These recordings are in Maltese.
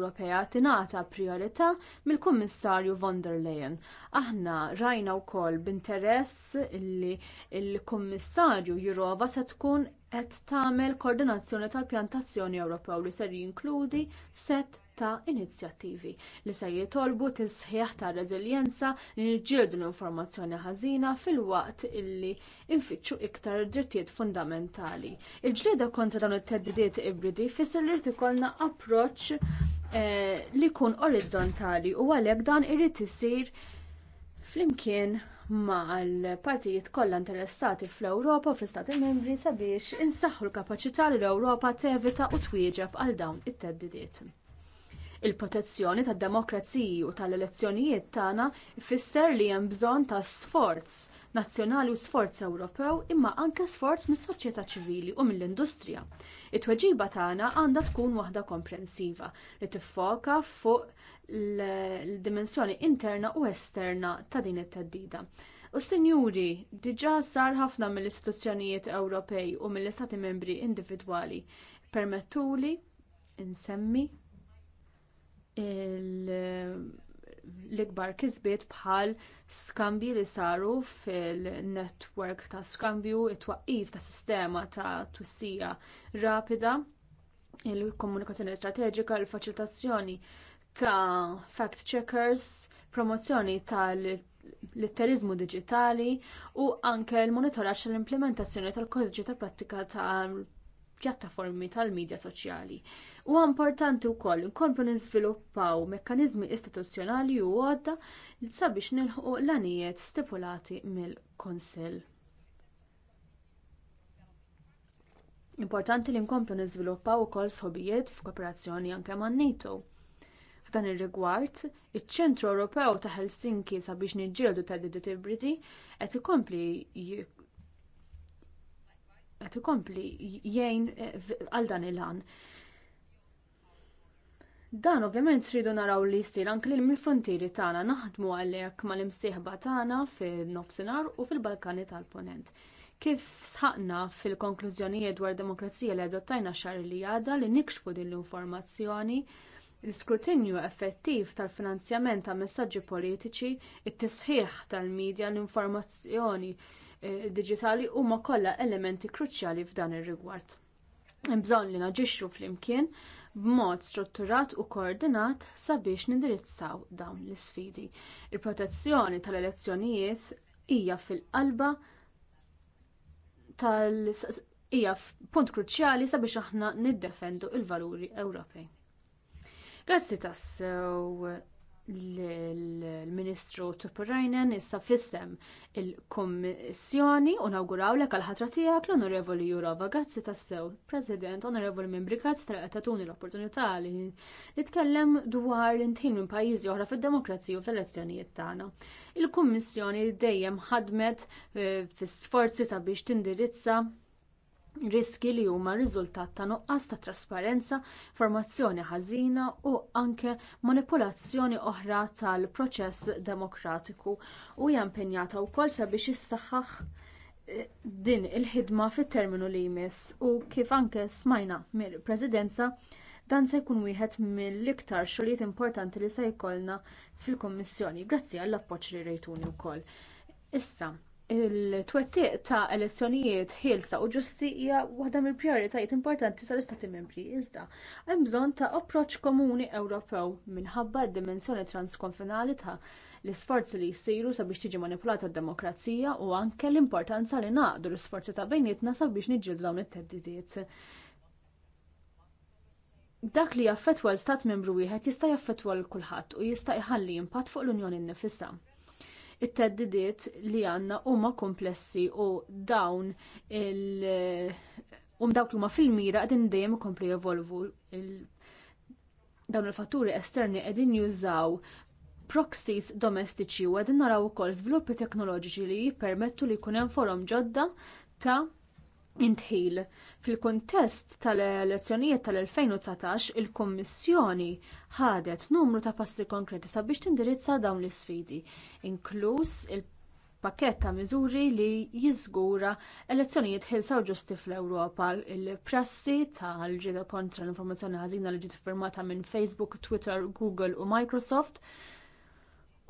Ewropea tingħata prijorità mill-Kummissarju von der Leyen. Aħna rajna wkoll b'interess li l-Kummissarju Jurova se tkun qed tagħmel koordinazzjoni tal-pjantazzjoni Ewropew li ser jinkludi set ta' inizjattivi li se jitolbu tisħiħ ta' reżiljenza li niġġieldu l-informazzjoni ħażina fil-waqt illi infittxu iktar drittijiet fundamentali. Il-ġlieda kontra dawn it-teddidiet ibridi fisser li ikollna approċċ Eh, li jkun orizzontali u għalhekk dan irid isir flimkien mal-partijiet kollha interessati fl-Ewropa u fl-Istati Membri sabiex insaħħu l-kapaċità li l-Ewropa tevita u twieġeb għal dawn it-theddidiet. Il-protezzjoni tad-demokrazija u tal-elezzjonijiet tagħna ifisser li hemm bżonn ta' sforz nazzjonali u sforz Ewropew imma anke sforz mis-soċjetà ċivili u mill-industrija. It-tweġiba tagħna għandha tkun waħda komprensiva li tiffoka fuq l-dimensjoni interna u esterna ta' din it-teddida. U sinjuri, diġà sar ħafna mill-istituzzjonijiet Ewropej u mill-istati membri individwali permettuli insemmi il l-ikbar kisbiet bħal skambji li saru fil-netwerk ta' skambju, it-twaqqif ta' sistema ta' twissija rapida, il-komunikazzjoni strateġika, il-faċilitazzjoni ta' fact checkers, promozzjoni tal-litterizmu diġitali u anke l-monitoraġġ tal-implementazzjoni tal-kodiċi ta' prattika ta' pjattaformi tal-midja soċjali. Huwa importanti wkoll inkomplu niżviluppaw mekkaniżmi istituzzjonali u għodda li sabiex nilħu l-anijiet stipulati mill-Kunsill. Importanti li nkomplu niżviluppaw ukoll sħobijiet f'kooperazzjoni anke man-NATO. F'dan ir-rigward, iċ-Ċentru Ewropew ta' Helsinki sabiex niġġieldu tad-Didibriti qed ikompli qed ikompli jgħin eh, għal dan il-għan. Dan ovvjament rridu naraw li jsir anke lil mill-frontieri tagħna naħdmu għalhekk mal-imsieħba tagħna fin-nofsinhar u fil-Balkani tal-Punent. Kif sħaqna fil-konklużjonijiet dwar demokrazija li adottajna xar li għadha li nikxfu din l-informazzjoni l-iskrutinju effettiv tal-finanzjament ta' messaġġi politiċi, it-tisħiħ tal-medja l-informazzjoni Eh, digitali huma kollha elementi kruċjali f'dan ir-rigward. Hemm bżonn li naġixxu flimkien b'mod strutturat u koordinat sabiex nindirizzaw dawn l-isfidi. Il-protezzjoni tal-elezzjonijiet hija fil-qalba tal hija punt kruċjali sabiex aħna niddefendu l valuri Ewropej. Grazzi tassew l-Ministru Tupurajnen issa fissem il-Kommissjoni u nawgurawlek għal ħatra tiegħek l-Onorevoli Jurova. Grazzi tas-sew President, Onorevoli Membri, grazzi tal-qetatuni l-opportunità li nitkellem dwar l-intħin minn pajjiżi oħra fid-demokrazija u fl-elezzjonijiet tagħna. Il-Kummissjoni dejjem ħadmet eh, fis-sforzi ta' biex tindirizza Riski li huma r-riżultat ta' nuqqas ta' trasparenza formazzjoni ħażina u anke manipulazzjoni oħra tal-proċess demokratiku u hija impenjata wkoll sabiex issaħħaħ eh, din il-ħidma fit-terminu li jmiss u kif anke smajna mill-presidenza dan se jkun wieħed mill-iktar xogħlijiet importanti li se jkollna fil-kummissjoni grazzi għall-appoġġ li rejtuni wkoll. Issa, il-twettiq ta' elezzjonijiet ħielsa u ġusti hija waħda mill-prijoritajiet importanti sal-Istati Membri iżda hemm bżonn ta' approċċ komuni Ewropew minħabba d-dimensjoni transkonfinali ta' l-isforzi li jsiru sabiex tiġi manipulata d-demokrazija u anke l-importanza li naqdu l-isforzi ta' bejnietna sabiex niġġieldu dawn it-teddidiet. Dak li jaffettwa l-Stat Membru wieħed jista' jaffettwa l kulħadd u jista' jħalli impatt fuq l-Unjoni nnifisha it-teddidiet li għandna huma komplessi u dawn il- um dawk li huma fil-mira qegħdin dejjem ikomplu jevolvu dawn il-fatturi esterni qegħdin jużaw proxies domestiċi u qegħdin naraw ukoll żviluppi teknoloġiċi li jippermettu li jkun hemm forom ġodda ta' intħil Fil-kuntest tal-elezzjonijiet tal-2019, il-Kummissjoni ħadet numru ta' passi konkreti sabiex tindirizza dawn l-isfidi, inkluż il pakket ta' miżuri li jiżgura elezzjonijiet ħilsa u ġusti fl-Ewropa. Il-prassi tal-ġida kontra l-informazzjoni ħażina li ġiet firmata minn Facebook, Twitter, Google u Microsoft.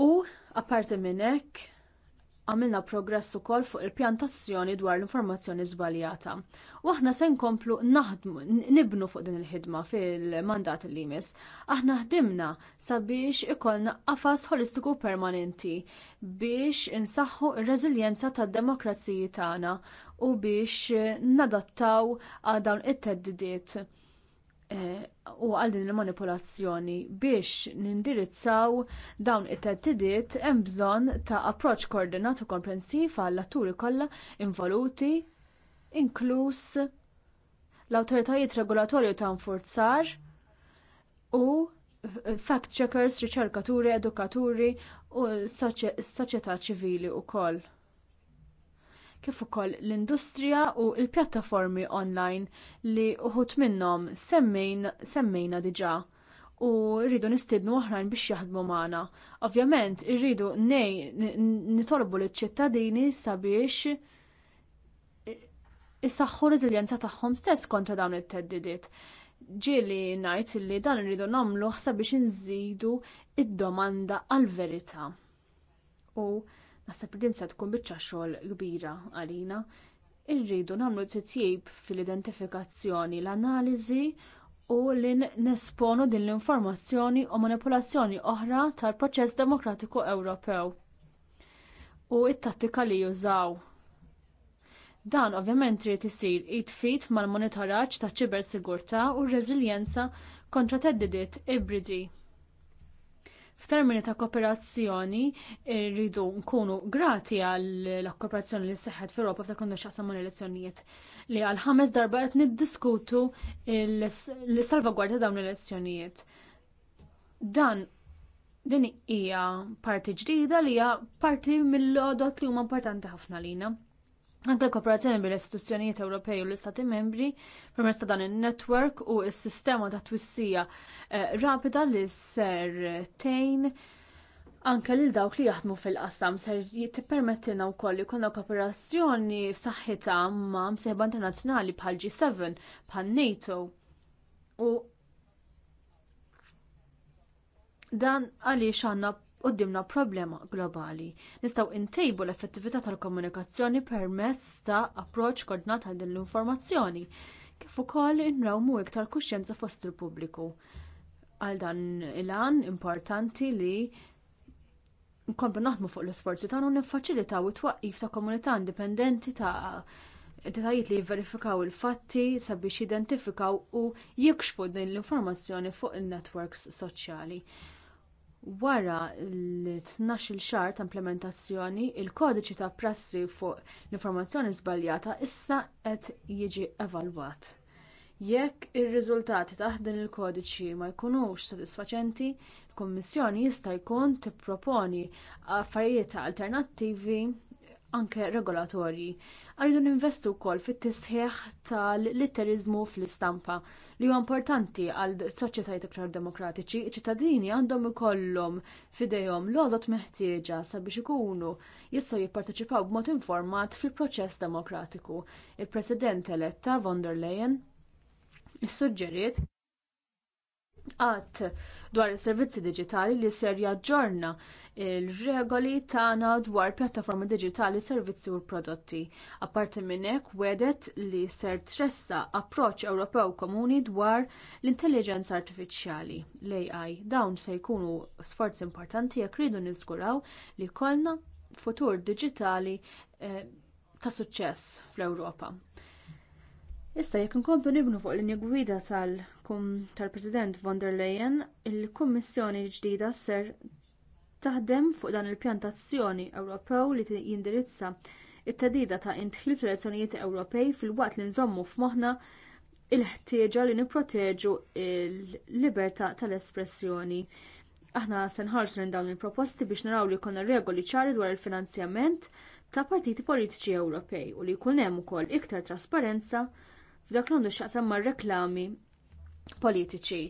U apparti minn hekk għamilna progress ukoll fuq il-pjantazzjoni dwar l-informazzjoni żbaljata u aħna se nkomplu naħdmu nibnu fuq din il-ħidma fil-mandat li jmiss. Aħna ħdimna sabiex ikollna qafas holistiku permanenti biex insaħħu ir-reżiljenza tad-demokraziji tagħna u biex nadattaw għal dawn it-teddidiet eh, u għal din il-manipolazzjoni biex nindirizzaw dawn it-tettidiet hemm bżonn ta' approċċ koordinat u komprensiv għall atturi kollha involuti inkluż l-awtoritajiet regolatorju ta' nfurzar u fact checkers, riċerkaturi, edukaturi u s-soċjetà ċivili wkoll. Kif ukoll l-industrija u l-pjattaformi online li uħut minnhom semmejna diġà u rridu nistidnu oħrajn biex jaħdmu magħna. Ovvjament irridu nitolbu liċ ċittadini sabiex isaħħu reżiljenza tagħhom stess kontra dawn it-teddidiet. Ġieli ngħid li dan irridu nagħmlu biex inżidu id-domanda għall verità U naħseb li din se tkun biċċa xogħol kbira għalina. Irridu nagħmlu titjib fil-identifikazzjoni, l-analiżi u li nesponu din l-informazzjoni u manipolazzjoni oħra tal-proċess demokratiku Ewropew u t tattika li jużaw Dan ovvjament trid isir jitfit mal-monitoraġġ ta' ċibersigurtà u r-reżiljenza kontra theddidiet ibridi. F'termini ta' kooperazzjoni rridu nkunu grati għall kooperazzjoni li seħħet f'Europa f'dak kondu xaqsam mal elezzjonijiet li għal ħames darba qed niddiskutu l-salvagwardja dawn l-elezzjonijiet. Dan din hija parti ġdida li hija parti mill-għodot li huma importanti ħafna lina. Anke l-kooperazzjoni bil istituzzjonijiet Ewropej u l-Istati membri permezz ta' dan in-netwerk u s-sistema ta' twissija eh, rapida li ser tejn anke lil dawk li jaħdmu fil-qasam ser tippermettilna wkoll li jkollna kooperazzjoni f'saħħitha ma' msejba internazzjonali bħal G7 bħal NATO u dan għaliex għandna Qudiemna problema globali. Nistgħu ntejbu l-effettività tal-komunikazzjoni permezz ta' approċċ koordinat għal din l-informazzjoni kif ukoll inrawmu iktar kuxjenza fost il-pubbliku. Għal dan il-għan importanti li nkomplu naħdmu fuq l-isforzi tagħna u niffaċilitaw it-twaqqif ta' komunità indipendenti ta' detajiet li jivverifikaw il-fatti sabiex jidentifikaw u jikxfu din l-informazzjoni fuq in networks soċjali wara l-12 xahar ta' implementazzjoni il-kodiċi ta' prassi fuq l-informazzjoni żbaljata issa qed jiġi evalwat jekk ir-riżultati ta' dan il-kodiċi ma jkunux sodisfaċenti il-kummissjoni jista' jkun tipproponi affarijiet alternattivi anke regolatorji. Għarridu ninvestu wkoll fit-tisħiħ tal-litterizmu fl-istampa li huwa importanti għal soċjetajiet iktar demokratiċi, iċ-ċittadini għandhom ikollhom f'idejhom l-għodot meħtieġa sabiex ikunu jistgħu jipparteċipaw b'mod informat fil-proċess demokratiku. Il-President eletta von der Leyen issuġġeriet għat dwar is servizzi digitali li ser jaġġorna r regoli tagħna dwar pjattaformi digitali servizzi u prodotti. Apparti minn hekk wedet li ser tressa approċċ Ewropew komuni dwar l-intelligenza artifiċjali l-AI. Dawn se jkunu sforzi importanti jekk ridu niżguraw li jkollna futur diġitali eh, ta' suċċess fl-Ewropa. Issa jekk inkomplu nibnu fuq linja gwida tal-President von der Leyen, il-Kummissjoni ġdida ser taħdem fuq dan il-pjantazzjoni Ewropew li jindirizza t tedida ta' intħil fl-elezzjonijiet Ewropej filwaqt li nżommu f'moħħna il-ħtieġa li nipproteġu l libertà tal-espressjoni. Aħna se nħarsu lejn dawn il-proposti biex naraw li jkollna regoli ċari dwar il-finanzjament ta' partiti politiċi Ewropej u li jkun hemm ukoll iktar trasparenza F'dak l-għandu xaqsam ma' reklami politiċi.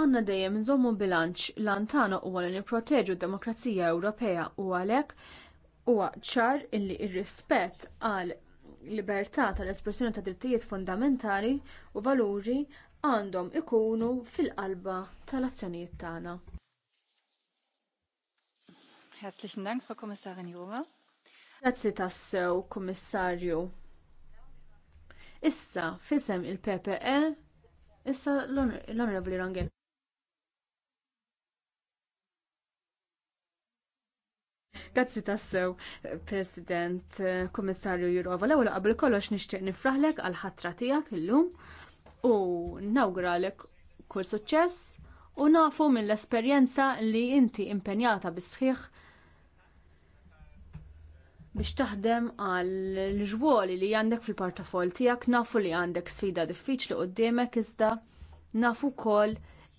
Għanna dejjem nżommu bilanċ lantana u għal niproteġu d-demokrazija Ewropea u għalek huwa ċar illi r rispett għal libertà tal-espressjoni ta' drittijiet fundamentali u valuri għandhom ikunu fil-qalba tal-azzjonijiet tagħna. Herzlichen Dank, Frau Kommissarin Jourova. Grazzi tassew, Kummissarju. Issa fisem il-PPE issa l-Onorevoli Rangel. Grazzi tassew, President, Kommissarju Jurova. L-ewwel qabel kollox nixtieq nifraħlek għal ħatra tiegħek illum u nawguralek kull suċċess u nafu mill-esperjenza li inti impenjata bisħiħ. sħiħ biex taħdem għal l-ġwoli li għandek fil-portafol tiegħek nafu li għandek sfida diffiċli quddiemek iżda nafu wkoll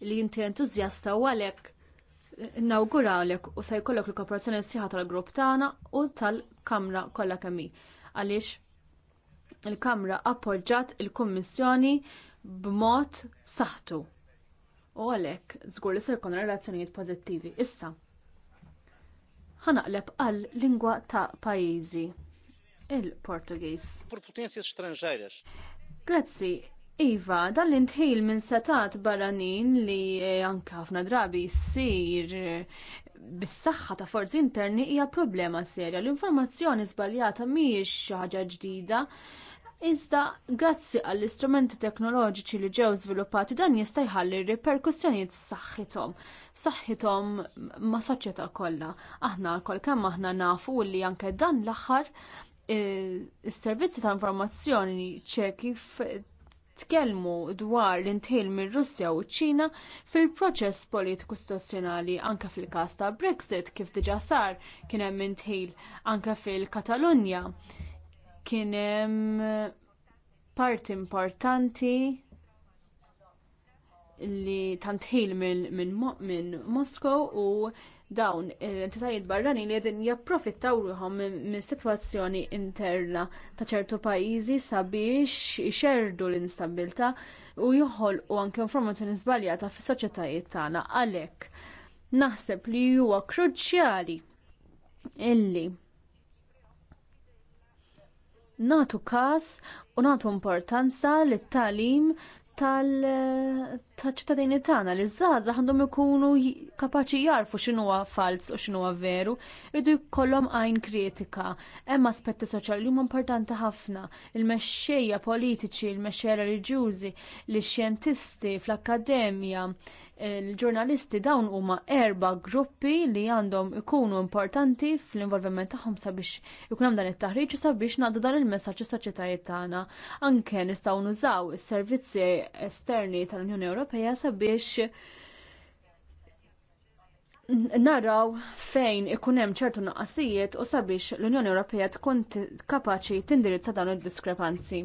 li inti entużjasta u għalhekk inawgurawlek u se jkollok l-kooperazzjoni sieħa tal-grupp tagħna u tal-Kamra kollha kemm hi. Għaliex il-Kamra appoġġat il-Kummissjoni b'mod saħtu. U għalhekk żgur li se jkun relazzjonijiet pożittivi. Issa, ħanaqleb għal lingwa ta' pajjiżi il-Portugiż. Grazzi, Iva, dan l-intħil minn setat barranin li eh, anke ħafna drabi jsir eh, bis-saħħa ta' forzi interni hija problema serja. L-informazzjoni żbaljata mhijiex xi ħaġa ġdida Iżda grazzi għall-istrumenti teknoloġiċi li ġew żviluppati dan jista' jħalli riperkussjonijiet saħħithom, saħħithom ma' soċjetà kollha. Aħna wkoll kemm aħna nafu li anke dan l-aħħar is-servizzi e, ta' informazzjoni ċe kif tkellmu dwar l-intħil minn russja u ċina fil-proċess politiku istituzzjonali anke fil-każ ta' Brexit kif diġà sar kien hemm intħil anke fil-Katalunja kien hemm parti importanti li tantħil minn min, min Moskow u dawn l-entitajiet barrani li qegħdin japprofittaw ruħom minn sitwazzjoni interna ta' ċertu pajjiżi sabiex ixerdu l-instabilta u joħolqu anke informazzjoni żbaljata fis-soċjetajiet tagħna għalhekk naħseb li huwa kruċjali illi natu każ u natu importanza lit tagħlim tal-ċittadini tagħna li żgħażagħ għandhom ikunu kapaċi jarfu xinu fals u x'inhuwa veru, idu jkollhom għajn kritika. Hemm aspetti soċjali li huma importanti ħafna, il-mexxejja politiċi, il-mexxejja reliġjużi, li xjentisti fl-akkademja, il-ġurnalisti dawn huma erba' gruppi li għandhom ikunu importanti fl-involviment tagħhom sabiex ikun hemm dan it-taħriġ sabiex nagħdu dan il-messaġġ is-soċjetajiet tagħna. Anke nistgħu nużaw is-servizzi esterni tal-Unjoni Ewropea sabiex naraw fejn ikun hemm ċertu naqasijiet u sabiex l-Unjoni Ewropea tkun kapaċi tindirizza dawn id-diskrepanzi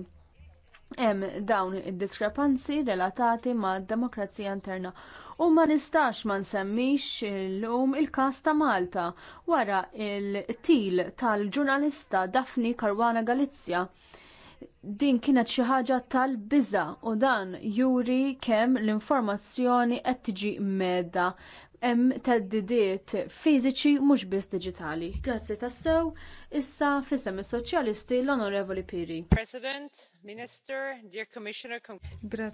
hemm dawn id-diskrepanzi relatati mad-demokrazija interna u ma nistax ma nsemmix illum il-każ ta' Malta wara t til tal-ġurnalista Daphne Caruana Galizja. Din kienet xi ħaġa tal-biża' u dan juri kemm l-informazzjoni qed tiġi medda hemm theddidiet fiżiċi mhux biss diġitali. Grazzi tassew, issa f'isem is-Soċjalisti l-Onorevoli Piri. President, Minister, dear Commissioner. Gra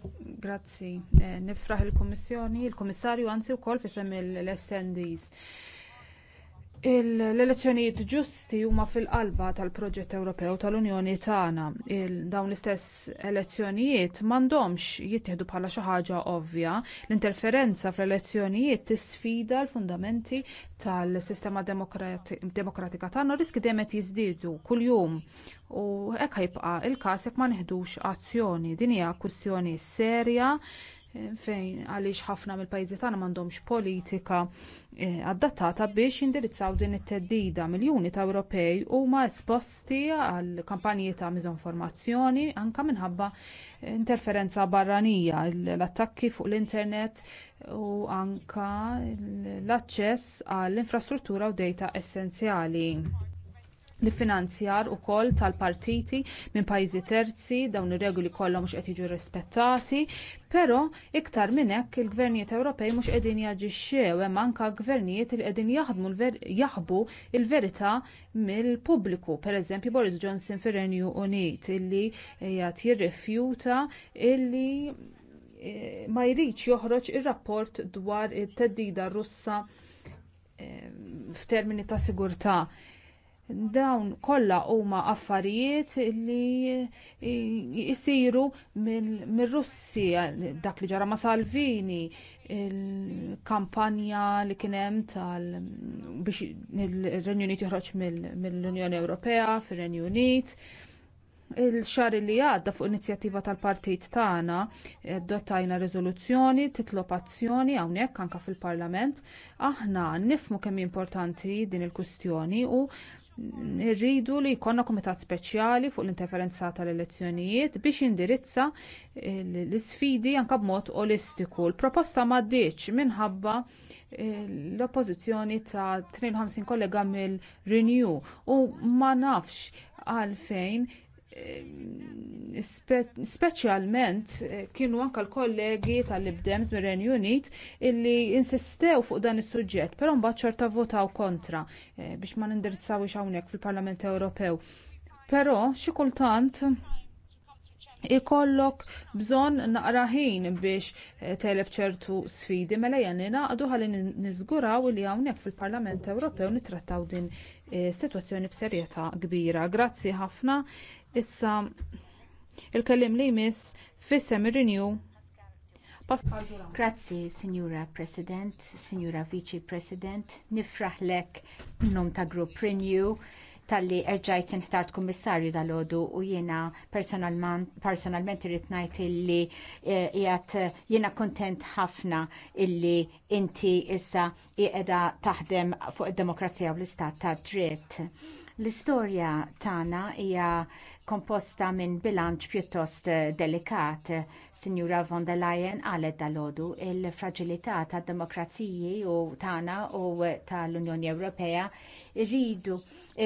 grazzi. Eh, Nifraħ il-Kummissjoni, il-Kummissarju anzi wkoll f'isem l-SNDs l-elezzjonijiet ġusti huma fil-qalba tal-proġett Ewropew tal-Unjoni tagħna. Dawn l-istess elezzjonijiet m'għandhomx jittieħdu bħala xi ħaġa ovvja. L-interferenza fl-elezzjonijiet tisfida l-fundamenti tal-sistema demokratika tagħna u riski dejjem qed jiżdiedu kuljum. U hekk ħajbqa' il-każ jekk ma neħdux azzjoni. Din hija kwistjoni serja fejn għaliex ħafna mill-pajjiżi tagħna m'għandhomx politika eh, adattata biex jindirizzaw din it-teddida. Miljuni ta' Ewropej huma esposti għal kampanji ta' miżinformazzjoni anke minħabba interferenza barranija, l-attakki fuq l-internet u anke l-aċċess għall infrastruttura u dejta essenzjali l-iffinanzjar ukoll tal-partiti minn pajjiżi terzi dawn ir-regoli kollha mhux qed jiġu rispettati, però iktar minn hekk il-gvernijiet Ewropej mhux qegħdin jaġixxew hemm anke gvernijiet li qegħdin jaħdmu jaħbu l-verità mill-pubbliku. Pereżempju Boris Johnson fir-Renju Unit illi qiegħed jirrifjuta illi eh, ma jridx joħroġ ir-rapport dwar it-teddida Russa eh, f'termini ta' sigurtà dawn kollha huma affarijiet li jsiru mir-Russi dak li ġara ma' Salvini il-kampanja li kien hemm tal biex ir-Renju Unit joħroġ mill-Unjoni Ewropea fir-Renju Unit il-xar li għadda fuq inizjattiva tal-partit tagħna dottajna riżoluzzjoni titlob azzjoni hawnhekk anke fil-Parlament aħna nifmu kemm importanti din il-kwistjoni u Irridu li jkollna kumitat speċjali fuq l-interferenza tal-elezzjonijiet biex jindirizza l isfidi anke b'mod olistiku. Il-proposta m'għaddiex minħabba eh, l-oppożizzjoni ta' 53 kollega mill-Renew u ma nafx għalfejn speċjalment eh, kienu anke l-kollegi tal-Libdems mir-Renju Unit illi insistew fuq dan is-suġġett, però mbagħad ċerta votaw kontra eh, biex ma nindirizzawx hawnhekk fil-Parlament Ewropew. Però xi kultant ikollok bżonn naqra ħin biex eh, teleb ċertu sfidi mela jan naqdu ħalli niżguraw li hawnhekk fil-Parlament Ewropew nittrattaw din is-sitwazzjoni b'serjetà kbira. Grazzi ħafna. Issa il-kellim li jmiss fissem renew Grazzi, Signora President, Signora Vice President, nifraħlek num ta' Group Renew tal-li erġajt inħtart kummissarju dal-ħodu u jiena personalment irrit ngħid illi e, jgħat jiena kuntent ħafna illi inti issa qiegħda taħdem fuq id-demokrazija u l-istat tad dritt. L-istorja tagħna hija komposta minn bilanċ pjuttost eh, delikat. Sinjura von der Leyen qalet dalodu il-fragilità tad demokraziji u tagħna u tal-Unjoni Ewropea rridu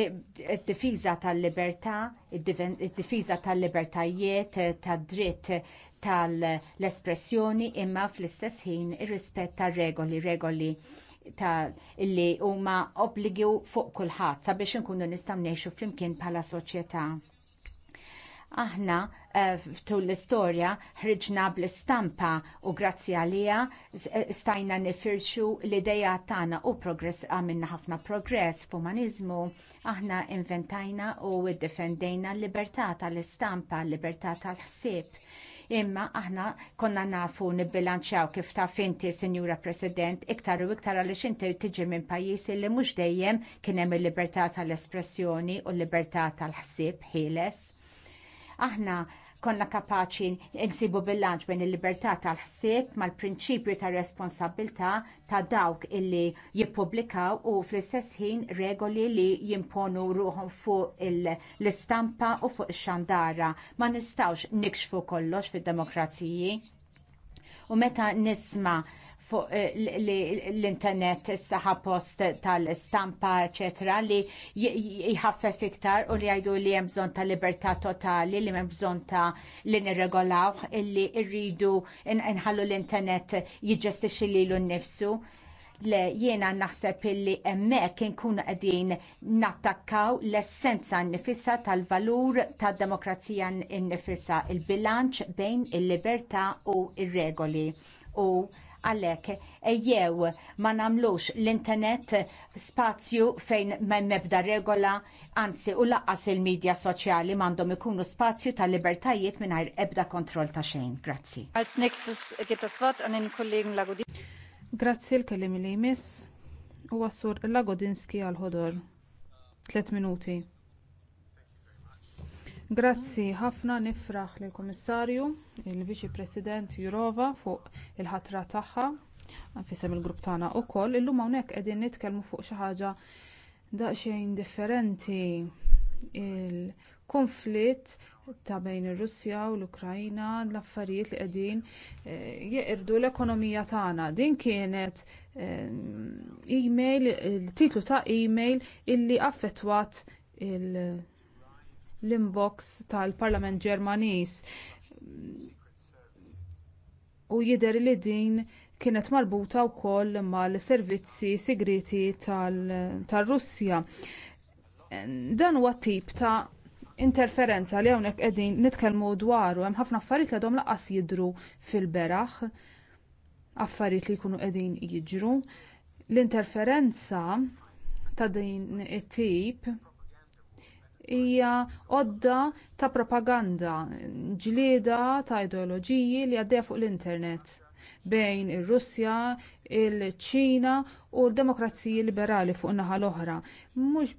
id-difiża eh, tal-libertà, id-difiża tal-libertajiet eh, tad-dritt tal-espressjoni imma fl-istess ħin ir-rispett tar-regoli regoli, ta' li huma obbligu fuq kulħadd sabiex inkunu nistgħu ngħixu flimkien bħala soċjetà. Aħna eh, f'tul l-istorja ħriġna bl-istampa u grazzi għalija eh, stajna nifirxu l-ideja tagħna u progress għamilna ħafna progress f'umanizmu. Aħna inventajna u iddefendejna l-libertà tal-istampa, l-libertà tal-ħsieb imma aħna konna nafu nibbilanċaw kif taf inti, Sinjura President, iktar u iktar għaliex inti tiġi minn pajjiżi li mhux dejjem kien hemm il-libertà tal-espressjoni u l-libertà tal-ħsieb ħieles. Aħna konna kapaċi nsibu bil-lanċ bejn il-libertà tal-ħsieb mal-prinċipju ta' responsabilità ta' dawk illi jippubblikaw u fl-istess ħin regoli li jimponu ruħhom fuq l-istampa u fuq ix-xandara. Ma nistgħux nikxfu kollox fid-demokraziji. U meta nisma' fuq eh, l-internet is-saħa post tal-stampa eċetera li jħaffef iktar u li jgħidu li hemm bżonn ta' libertà totali li jemżon ta' li nirregolawh li rridu nħallu l-internet jiġġestixxi lilu nnifsu le jiena naħseb illi hemmhekk inkunu qegħdin nattakkaw l-essenza nifissa tal-valur tad-demokrazija nifissa il-bilanċ bejn il-libertà u r regoli u Għalhekk ejjew ma nagħmlux l-internet spazju fejn mebda regola, anzi u laqqas il-medja soċjali m'għandhom ikunu spazju ta' libertajiet mingħajr ebda kontroll ta' xejn. Grazzi. Als nächstes geht das Wort an den Kollegen Lagodin. Grazzi l-kellim li jmiss u għassur Lagodinski għal-ħodor. Tliet minuti. Grazzi ħafna nifraħ lill kummissarju il-Viċi President Jurova fuq il-ħatra tagħha fisem il-grupp tagħna wkoll illum hawnhekk qegħdin nitkellmu fuq xi ħaġa daqsxejn differenti il-kunflitt ta' bejn ir-Russja u l-Ukrajna l-affarijiet li qegħdin eh, jeqirdu l-ekonomija tagħna. Din kienet eh, email, il-titlu ta' email illi affettwat il- l-inbox tal-Parlament Ġermaniż. U jidher li din kienet marbuta wkoll mal-servizzi segreti tar-Russja. Dan huwa tip ta' interferenza li hawnhekk qegħdin nitkellmu dwaru hemm ħafna affarijiet li għadhom lanqas jidhru fil-beraħ affarijiet li jkunu qegħdin jiġru. L-interferenza ta' din it-tip hija għodda ta' propaganda ġlieda ta' ideoloġiji li għaddejja fuq l-internet bejn ir-Russja, il-Ċina u l-demokraziji liberali fuq naħa l-oħra. Mhux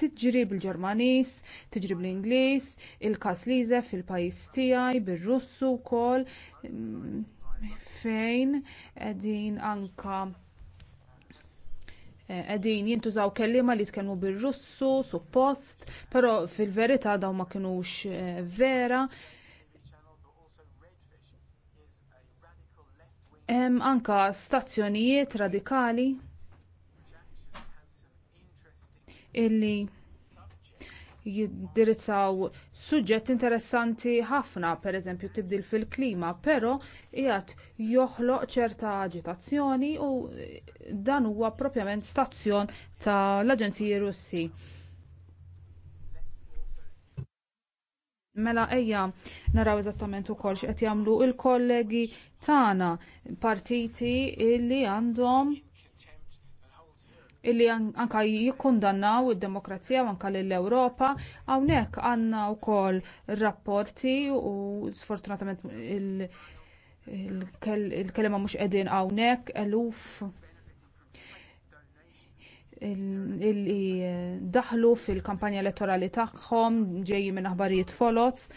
tiġri bil-Ġermaniż, tiġri bl-Ingliż, il-każ liże fil-pajjiż tiegħi bir-Russu wkoll mm, fejn qegħdin anke qegħdin jintużaw kelliema li tkellmu bil russu suppost, però fil-verità dawn ma kinux eh, vera. Hemm anke stazzjonijiet radikali illi jindirizzaw suġġett interessanti ħafna, pereżempju tibdil fil-klima, però qiegħed joħloq ċerta aġitazzjoni u dan huwa proprjament stazzjon tal-Aġenziji Russi. Mela ejja naraw eżattament ukoll x'qed jagħmlu l kollegi tagħna partiti li għandhom illi anka jikkundannaw id-demokrazija u anka lill-Ewropa hawnhekk għandna wkoll rapporti u sfortunatament il-kelma mhux qegħdin hawnhekk eluf illi daħlu fil-kampanja elettorali tagħhom ġejjin minn aħbarijiet folots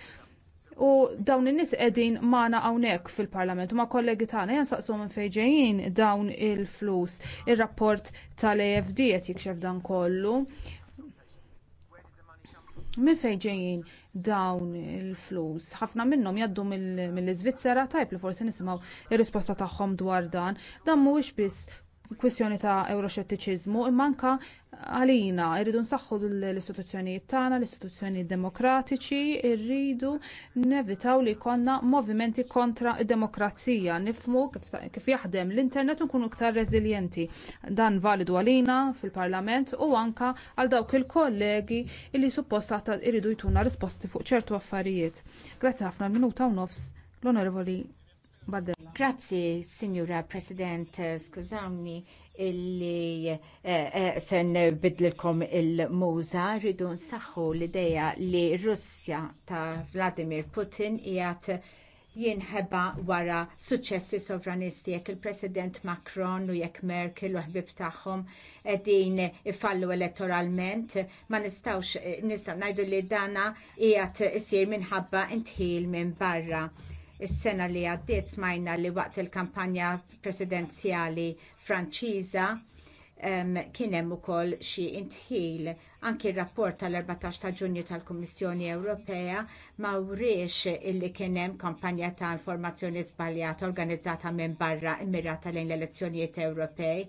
u dawn in-nies qegħdin magħna hawnhekk fil-Parlament u ma' kollegi tagħna saqsu minn fejn ġejjin dawn il-flus. Ir-rapport tal-AFD qed jikxef dan kollu. Minn fejn ġejjin dawn il-flus? Ħafna minnhom jaddu mill-Iżvizzera tajb li forsi nisimaw ir-risposta tagħhom dwar dan. Dan mhuwiex biss kwestjoni ta' euroxettiċiżmu imma anka għalina irridu nsaħħu l-istituzzjonijiet tagħna, l-istituzzjonijiet demokratiċi, rridu nevitaw li jkollna movimenti kontra demokrazija nifhmu kif jaħdem l-internet u nkunu iktar reżiljenti. Dan validu għalina fil-Parlament u anke għal dawk il-kollegi li suppost irridu jtuna risposti fuq ċertu affarijiet. Grazzi ħafna minuta u nofs l-Onorevoli Badella. Grazzi, Signora President, skużawni illi se eh, eh, sen bidlilkom il-muża rridu nsaħħu l-ideja li Russja ta' Vladimir Putin jgħat jinħeba wara suċċessi sovranisti jekk il-President Macron u jekk Merkel u ħbib tagħhom qegħdin ifallu elettoralment ma nistgħux nistgħu ngħidu li dana qiegħed isir minħabba intħil minn barra. Is-sena li għaddiet smajna li waqt il-kampanja presidenzjali Franċiża um, kien hemm ukoll xi intħil anki r-rapport tal-14 ta' Ġunju tal-Kummissjoni Ewropea ma wriex illi kien hemm kampanja ta' informazzjoni żbaljata organizzata minn barra immirata lejn l-elezzjonijiet Ewropej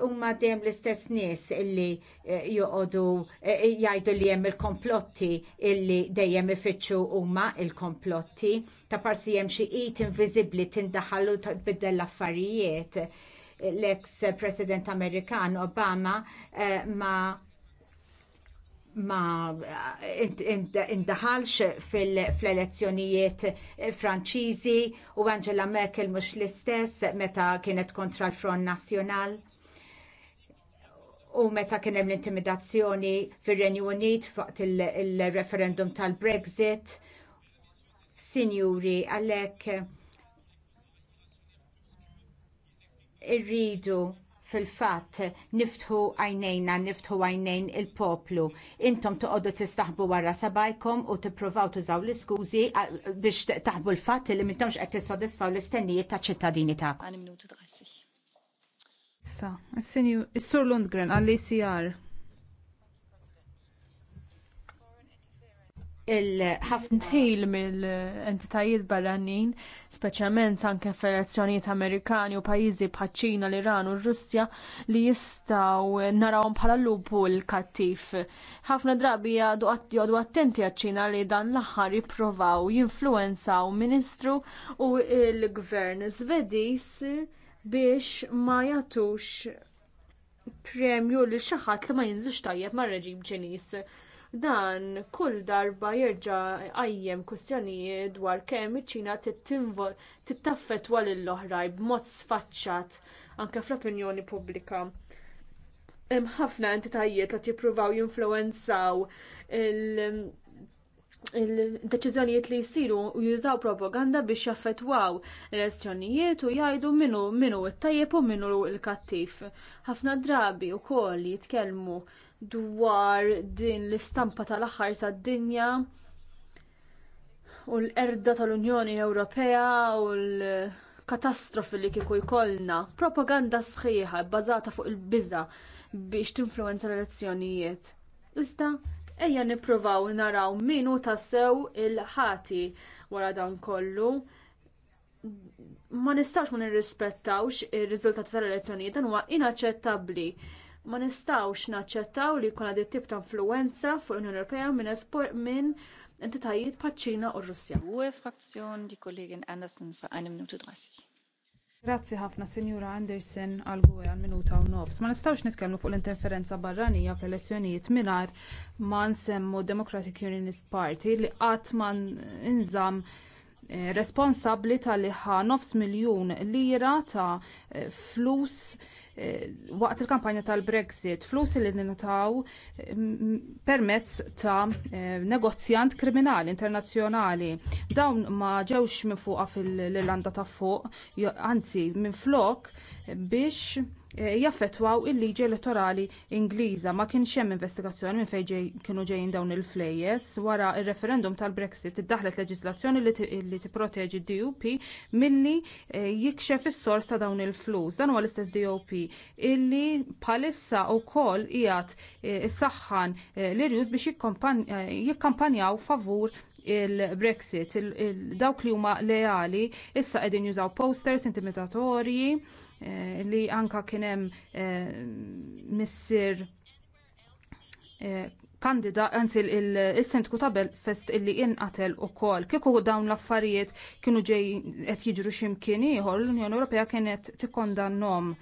huma dejjem l-istess nies illi eh, joqogħdu eh, eh, jgħidu li hemm il-komplotti illi dejjem ifittxu huma il-komplotti ta' parsi hemm xi qid inviżibbli tindaħal u tbiddel l-affarijiet. L-ex President Amerikan Obama ma ma indaħalx fil-elezzjonijiet Franċiżi u Angela Merkel mhux l-istess meta kienet kontra l-Front Nazzjonal u meta kien hemm l-intimidazzjoni fir-Renju Unit faqt il-referendum tal-Brexit. Sinjuri, għalhekk irridu fil-fatt niftħu għajnejna, niftħu għajnejn il-poplu. Intom toqoddu tistaħbu wara sabajkom u tippruvaw tużaw l-iskużi biex taħbu l-fatt li m'intomx qed tissodisfaw l-istennijiet taċ ċittadini tagħkom. Issa, is-Sur Lundgren għall-ACR. il-ħafntil mill-entitajiet barranin, speċjalment anke federazzjonijiet Amerikani u pajjiżi bħaċina ċina l-Iran u r-Russja li jistgħu narawhom bħala l kattiv. Ħafna drabi jgħodu attenti għaċ-Ċina li dan l-aħħar jippruvaw jinfluenzaw ministru u l-gvern Svediż biex ma jagħtux premju lil xi ħadd li ma jinżux tajjeb ma' reġim Ċiniż. Dan kull darba jerġa' għajjem kwistjonijiet dwar kemm iċ-Ċina tittaffettwa lill oħraj b'mod sfaċċat anke fl-opinjoni pubblika. Hemm ħafna entitajiet li jippruvaw jinfluwenzaw il- il-deċiżjonijiet li jsiru u jużaw propaganda biex jaffetwaw l-elezzjonijiet u jgħidu minnu minnu it-tajjeb u minnu l-kattif. Ħafna drabi wkoll jitkellmu dwar din l-istampa tal-aħħar tad-dinja u l-erda tal-Unjoni Ewropea u l-katastrofi li kieku jkollna. Propaganda sħiħa bbażata fuq il-biża biex tinfluwenza l-elezzjonijiet. Iżda ejja nippruvaw naraw min hu tassew il-ħati wara dan kollu. Ma nistax ma nirrispettawx ir-riżultati tal-elezzjonijiet dan huwa inaċċettabbli. Ma nistgħux naċċettaw li jkun għadi tip ta' influwenza fuq l-Unjoni Ewropea minn esport minn entitajiet paċ-Ċina u r-Russja. U frazzjon di kollegin Anderson fa' 1 minuta Grazzi ħafna Sinjura Anderson għal gwe għal minuta u nofs. Ma nistawx nitkellmu fuq l-interferenza barranija fl-elezzjonijiet mingħajr ma nsemmu Democratic Unionist Party li qatt ma nżamm Eh, responsabbli tal liħa nofs miljun lira ta' eh, flus eh, waqt il-kampanja tal-Brexit, flus li ninataw permezz ta' negozjant kriminali internazzjonali. Dawn ma ġewx minn fuqa fil-Irlanda ta' fuq, anzi minn flok biex Eh, jaffettwaw il-liġi elettorali Ingliża ma kienx hemm investigazzjoni minn fejn kienu ġejjin dawn il flejes wara r-referendum tal-Brexit iddaħlet leġiżlazzjoni li tipproteġi d-DUP milli eh, jikxef is-sors ta' dawn il-flus. Dan huwa l-istess DUP illi bħalissa wkoll qiegħed eh, isaħħan l-irjus biex jikkampanjaw favur il-Brexit. Dawk li huma leali issa qegħdin jużaw posters intimidatorji Eh, li anka kien hemm eh, eh, kandida, anzi il-sentku tabel fest illi inqatel u kol. Kiku dawn l-affarijiet kienu ġej qed jiġru ximkien ieħor l-Unjoni Ewropea kienet tikkondannom.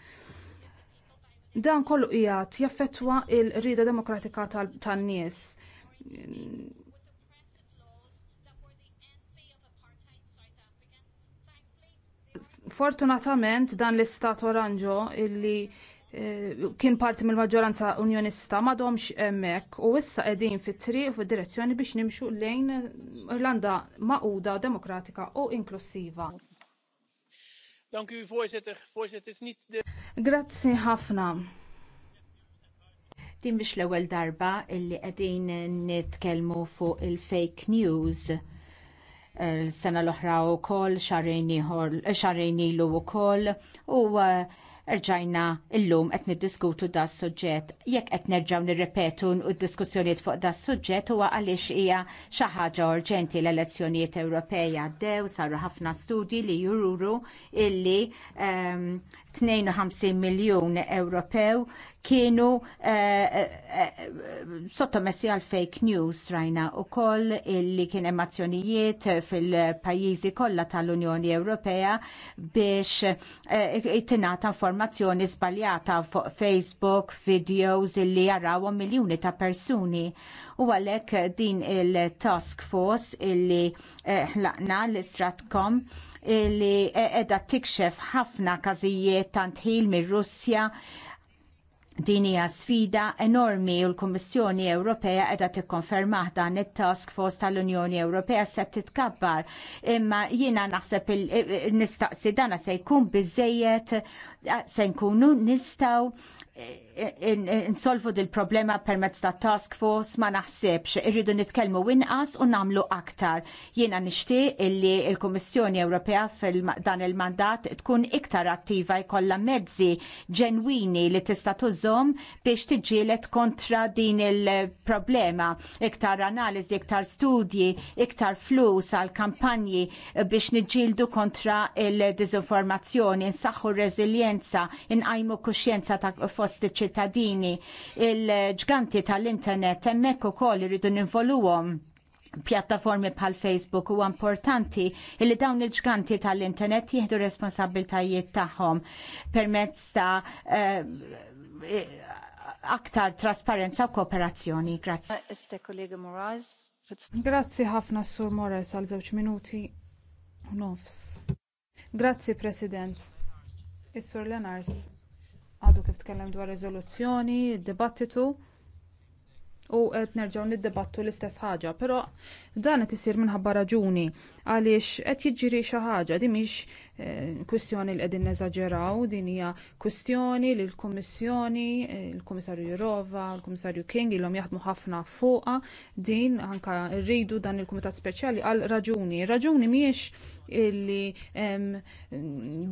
Dan kollu qiegħed jaffetwa l-rida demokratika tan-nies. Fortunatament dan l-istat oranġo illi eh, kien parti mill-maġġoranza unjonista m'għadhomx hemmhekk u issa qegħdin fit-triq u fid-direzzjoni biex nimxu lejn Irlanda maquda demokratika u inklusiva. Dank u voorzitter. Voorzitter, is niet de... Grazzi ħafna. Din biex l-ewwel darba illi qegħdin nitkellmu fuq il-fake news l-sena l-oħra u kol, xarrejn ilu u kol, uh, u rġajna l-lum qed niddiskutu da s suġġett. Jekk qed nerġgħu nirrepetu d-diskussjonijiet fuq da suġġett huwa għaliex hija xi ħaġa urġenti l-elezzjonijiet Ewropeja għaddew saru ħafna studji li jururu illi 52 ehm, miljun Ewropew kienu eh, eh, sottomessi għal fake news rajna u koll illi kien emazzjonijiet fil-pajizi kollha tal-Unjoni Ewropea biex eh, tinata informazzjoni zbaljata fuq Facebook, videos illi jarawhom miljuni ta' persuni. U għalhekk din il-task force illi ħlaqna l-istratkom li edha tikxef ħafna każijiet tantħil mir-Russja Din hija sfida enormi u l-Kummissjoni Ewropea qiegħda tikkonfermah dan it-task force tal-Unjoni Ewropea se titkabbar. Imma jiena naħseb nistaqsi dana se jkun biżejjed se nkunu nistgħu insolvu dil problema permezz ta' task force ma naħsebx irridu nitkellmu winqas u namlu aktar. Jiena nixtieq illi l-Kummissjoni Ewropea fil-dan il-mandat tkun iktar attiva jkollha mezzi ġenwini li tista' tużhom biex tiġġieled kontra din il-problema. Iktar analiżi, iktar studji, iktar flus għal kampanji biex niġġieldu kontra il-diżinformazzjoni, nsaħħu r reżiljenza, inqajmu kuxjenza ta' fost fost iċ-ċittadini il-ġganti tal-internet hemmhekk ukoll iridu ninvoluwom pjattaformi bħal Facebook huwa importanti li dawn il-ġganti tal-internet jieħdu responsabiltajiet tagħhom permezz ta' eh, aktar trasparenza u kooperazzjoni. Grazzi. Uh, Grazzi ħafna Sur Moraes għal żewġ minuti u nofs. Grazzi President. Is-Sur Lenars kif tkellem dwar riżoluzzjoni id-dibattitu u qed nerġgħu niddibattu l-istess ħaġa però dan qed isir minħabba raġuni għaliex qed jiġri xi ħaġa din mhix Eh, kwistjoni li qegħdin neżaġeraw din hija kwistjoni li l-Kummissjoni, il-Kummissarju eh, Jurova, il-Kummissarju King ilhom jaħdmu ħafna fuqha din anke rridu dan il-Kumitat Speċjali għal raġuni. Raġuni mhijiex illi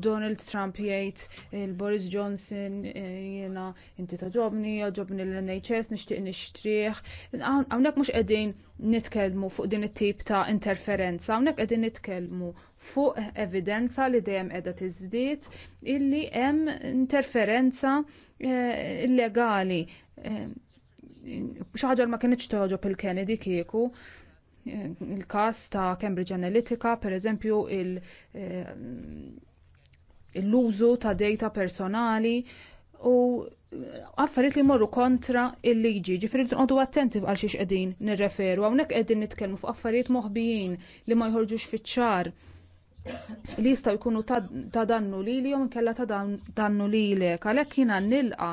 Donald Trump jgħid il-Boris Johnson eh, jiena inti ta' toġobni, ġobni l-NHS nixtieq nixtrieħ. Hawnhekk mhux qegħdin nitkellmu fuq din it-tip ta' interferenza, hawnhekk qegħdin nitkellmu fuq evidenza li dejjem qiegħda tiżdied illi hemm interferenza eh, illegali eh, xi ħaġa ma kinitx togħġob il-Kennedy kieku eh, il każ ta' Cambridge Analytica, pereżempju l-użu ta' data personali u affarijiet li jmorru kontra il-liġi, ġifiri nqodu attenti għal xiex qegħdin nirreferu, hawnhekk qegħdin nitkellmu fuq affarijiet moħbijin li ma jħorġux fiċ-ċar li jistaw jkunu ta' dannu jom kella ta' dannu lilek għalhekk jiena nilqa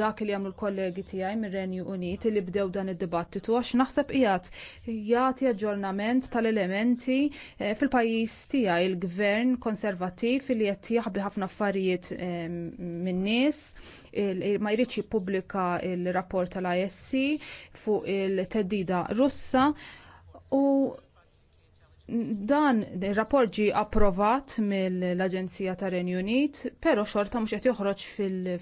dak li jagħmlu l-kollegi tiegħi mir-Renju Unit li bdew dan id-dibattitu għax naħseb qiegħed jagħti aġġornament tal-elementi eh, fil-pajjiż għaj il-gvern konservattiv li qed biħafna ħafna affarijiet eh, min-nies ma jridx publika l rapport tal-ISC fuq il-teddida Russa u Dan ir-rapport ġie approvat mill-Aġenzija tar-Renju Unit, però xorta mhux qed joħroġ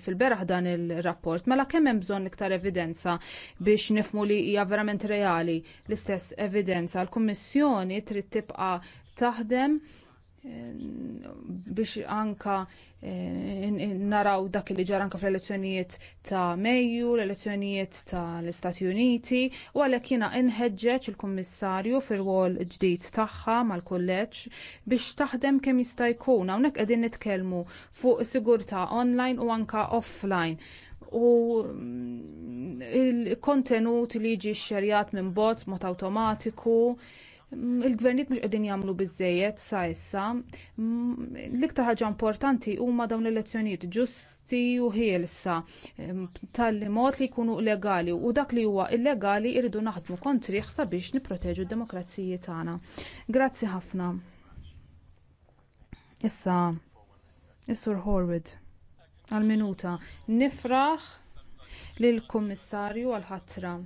fil-beraħ dan ir-rapport. Mela kemm hemm bżonn iktar evidenza biex nifmu li hija verament reali l-istess evidenza. L-Kummissjoni trid tibqa' taħdem biex anka eh, naraw dak li ġar anka fl-elezzjonijiet ta' Mejju, l-elezzjonijiet tal istati Uniti, u għalhekk jiena inħeġġeġ il-Kummissarju fir wol ġdid tagħha mal-kulleġġ biex taħdem kemm jista' jkun hawnhekk qegħdin nitkellmu fuq sigurtà online u anka offline u mm, il-kontenut li jiġi xxerjat minn bot mod awtomatiku il-gvernijiet mhux qegħdin jagħmlu biżżejjed sa issa. L-iktar ħaġa importanti huma dawn l-elezzjonijiet ġusti u ħielsa tal mod li jkunu legali u dak li huwa illegali irridu naħdmu kontrih sabiex nipproteġu d demokrazijiet tagħna. Grazzi ħafna. Issa, is-Sur Horwood għal-minuta. Nifraħ lill kummissarju għal ħatra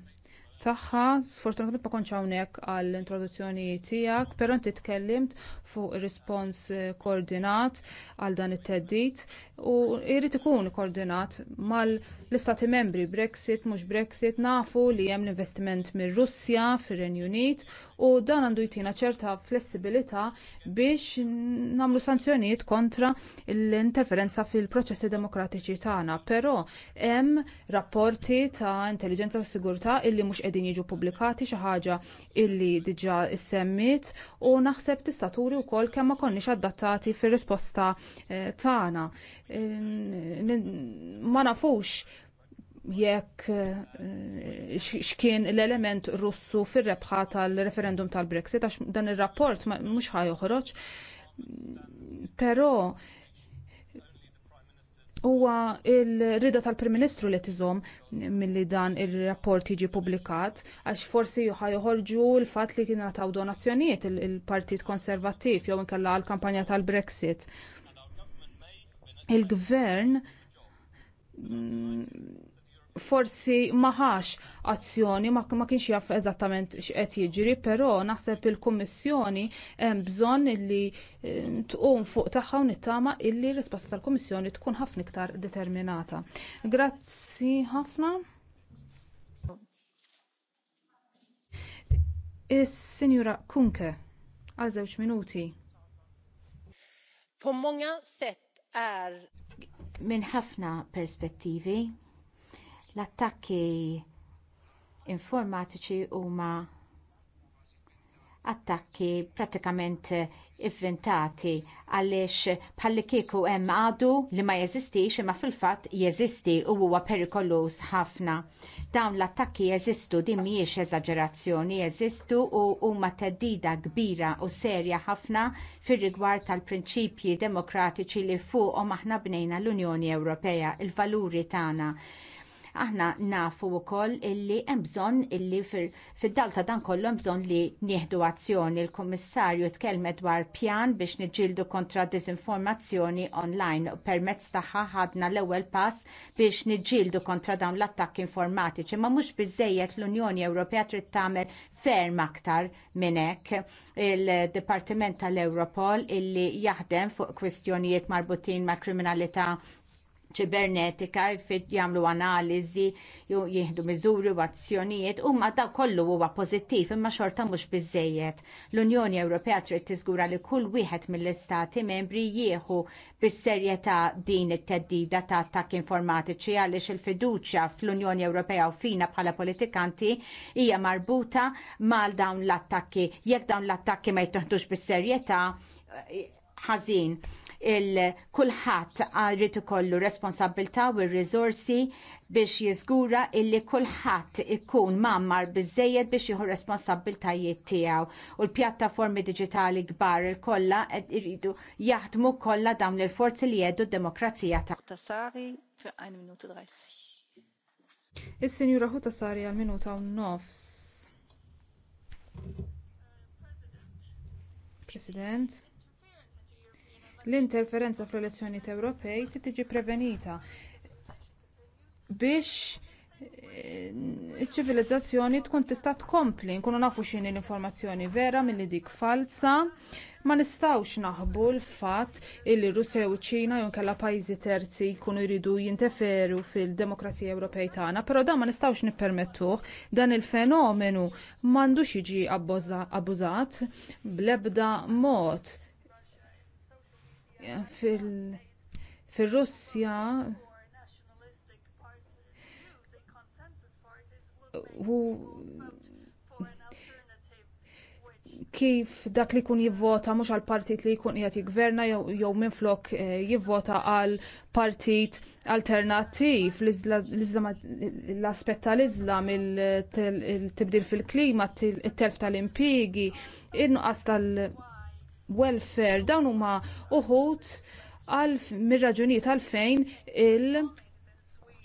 tagħha sfortunatament ma kontx hawnhekk għall-introduzzjoni tiegħek, però inti tkellimt fuq ir-rispons koordinat għal dan it-teddid u jrid ikun koordinat mal-istati membri Brexit mhux Brexit nafu li hemm investiment mir-Russja fir-Renju Unit u dan għandu jtina ċerta flessibilità biex nagħmlu sanzjonijiet kontra l-interferenza fil-proċessi demokratiċi tagħna, però hemm rapporti ta' intelligenza u sigurtà illi mhux qegħdin jiġu pubblikati xi ħaġa illi diġà issemmit u naħseb tista' turi wkoll kemm ma konniex adattati fir-risposta eh, tagħna ma nafux jekk eh, xkien l-element russu fir-rebħa tal-referendum tal-Brexit għax dan ir-rapport mhux ħajoħroġ. Però huwa il-rida tal-Prim Ministru li tiżom milli dan ir-rapport jiġi publikat, għax forsi joħorġu l-fatt li kien nataw donazzjonijiet il-Partit Konservattiv jew inkella għall kampanja tal-Brexit il-gvern mm, forsi maħax azzjoni ma, ma kienx jaff eżattament x'qed jiġri, però naħseb il-Kummissjoni hemm bżonn li mm, tqum fuq tagħha u nittama illi risposta tal-Kummissjoni tkun ħafna iktar determinata. Grazzi ħafna. Is-Sinjura Kunke għal żewġ minuti. På många är minn ħafna perspettivi l-attakki informatiċi huma attakki pratikament ivvintati għaliex bħalli kieku hemm għadu li ma jeżistix imma fil-fatt jeżisti u huwa perikolos ħafna. Dawn l-attakki jeżistu din mhijiex eżaġerazzjoni jeżistu u huma teddida kbira u serja ħafna fir-rigward tal-prinċipji demokratiċi li fuqhom aħna bnejna l-Unjoni Ewropea, il-valuri tagħna Aħna nafu wkoll illi hemm bżonn illi fid-dal ta' dan kollu hemm bżonn li nieħdu azzjoni. Il-Kummissarju tkellmet dwar pjan biex niġildu kontra disinformazzjoni online permezz tagħha ħadna l-ewwel pass biex niġġieldu kontra dawn l-attakki informatiċi, ma mhux biżżejjed l-Unjoni Ewropea trid tagħmel ferm aktar minn hekk. Il-Dipartiment tal-Europol illi jaħdem fuq kwistjonijiet marbutin mal kriminalità ċibernetika jagħmlu analiżi jieħdu miżuri u azzjonijiet huma dak kollu huwa pożittiv imma xorta mhux biżżejjed. L-Unjoni Ewropea trid tiżgura li kull wieħed mill-istati membri jieħu bis-serjetà din it-teddida ta' attakk informatiċi għaliex il-fiduċja fl-Unjoni Ewropea u fina bħala politikanti hija marbuta mal dawn l-attakki. Jekk dawn l-attakki ma jittieħdux bis-serjetà ħażin il-kulħadd għarrit ikollu responsabilta u il-rizorsi biex jiżgura illi kulħadd ikun mammar biżżejjed biex jieħu responsabilta tiegħu u l-pjattaformi diġitali kbar il-kollha jridu jaħdmu kollha dawn l-forzi li jeddu d-demokrazija tagħna. Is-Sinjura Hutasari għal minuta u nofs. President l-interferenza fl-elezzjonijiet Ewropej trid tiġi prevenita biex eh, iċ-ċivilizzazzjoni tkun tista' tkompli nkunu nafu x'inhi l-informazzjoni vera milli dik falsa ma nistgħux naħbu l-fatt li russja u ċ-ċina jew inkella pajjiżi terzi jkunu jridu jinteferu fid-demokrazija Ewropej tagħna, però dan ma nistgħux nippermettuh dan il-fenomenu m'għandux jiġi abbużat bl-ebda mod fir-Russja kif dak li jkun jivvota mhux għal partit li jkun qiegħed jiggverna jew minflok eh, jivvota għal partit alternattiv l-aspett tal-iżlam il-tibdil fil-klima, it-telf tal-impjiegi, in-nuqqas tal-, -tal, -tal welfare dawn huma uħud mir-raġunijiet għalfejn il-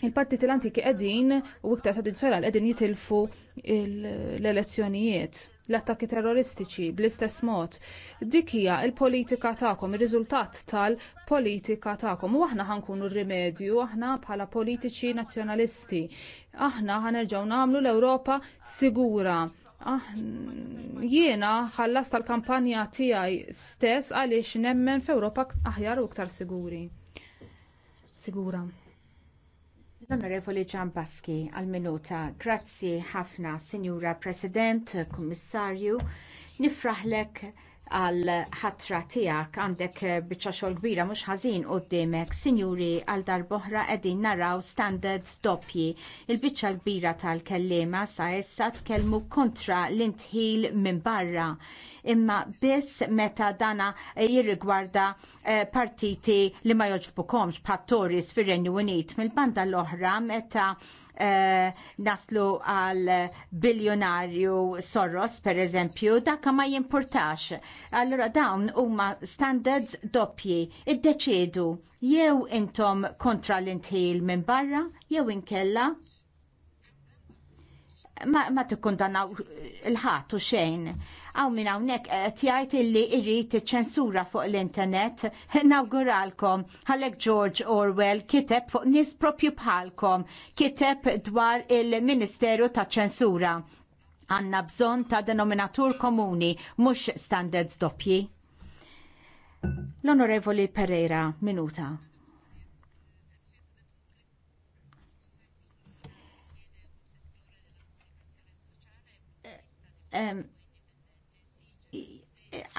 il-partiti l-antiki qegħdin u iktar tradizzjonali qegħdin jitilfu l-elezzjonijiet l-attakki terroristiċi bl-istess mod. Dik hija l-politika tagħkom, ir-riżultat tal-politika tagħkom. U aħna ħankunu r-rimedju, aħna bħala politiċi nazzjonalisti. Aħna nerġgħu nagħmlu l-Ewropa sigura Ah, jiena ħallas tal-kampanja tiegħi stess għaliex nemmen f'Ewropa aħjar u iktar siguri. Sigura. L-Onorevoli Ġambaski għal-minuta, grazzi ħafna, Sinjura President, Kummissarju, nifraħlek għal ħatra tiegħek għandek eh, biċċa xogħol kbira mhux ħażin quddiemek, sinjuri għal darboħra qegħdin naraw standards doppji. Il-biċċa l-kbira tal-kellima sa issa tkellmu kontra l-intħil minn barra. Imma biss meta dana eh, jirrigwarda eh, partiti li ma joġbukomx bħat fir-Renju Unit mill-banda l-oħra meta Eh, naslu għal biljonarju Soros, per eżempju, dak ma jimportax. Allora dawn huma standards doppji, iddeċiedu jew intom kontra l-intil minn barra, jew inkella ma, ma tikkundannaw il-ħat u xejn Għaw minn hawnhekk qed eh, jgħid illi jrid ċensura fuq l-internet. Nawguralkom għalek George Orwell kiteb fuq nies propju bħalkom, kiteb dwar il-Ministeru ta' ċensura. Għanna bżon ta' denominatur komuni, mhux standards doppji. L-Onorevoli Pereira, minuta. um,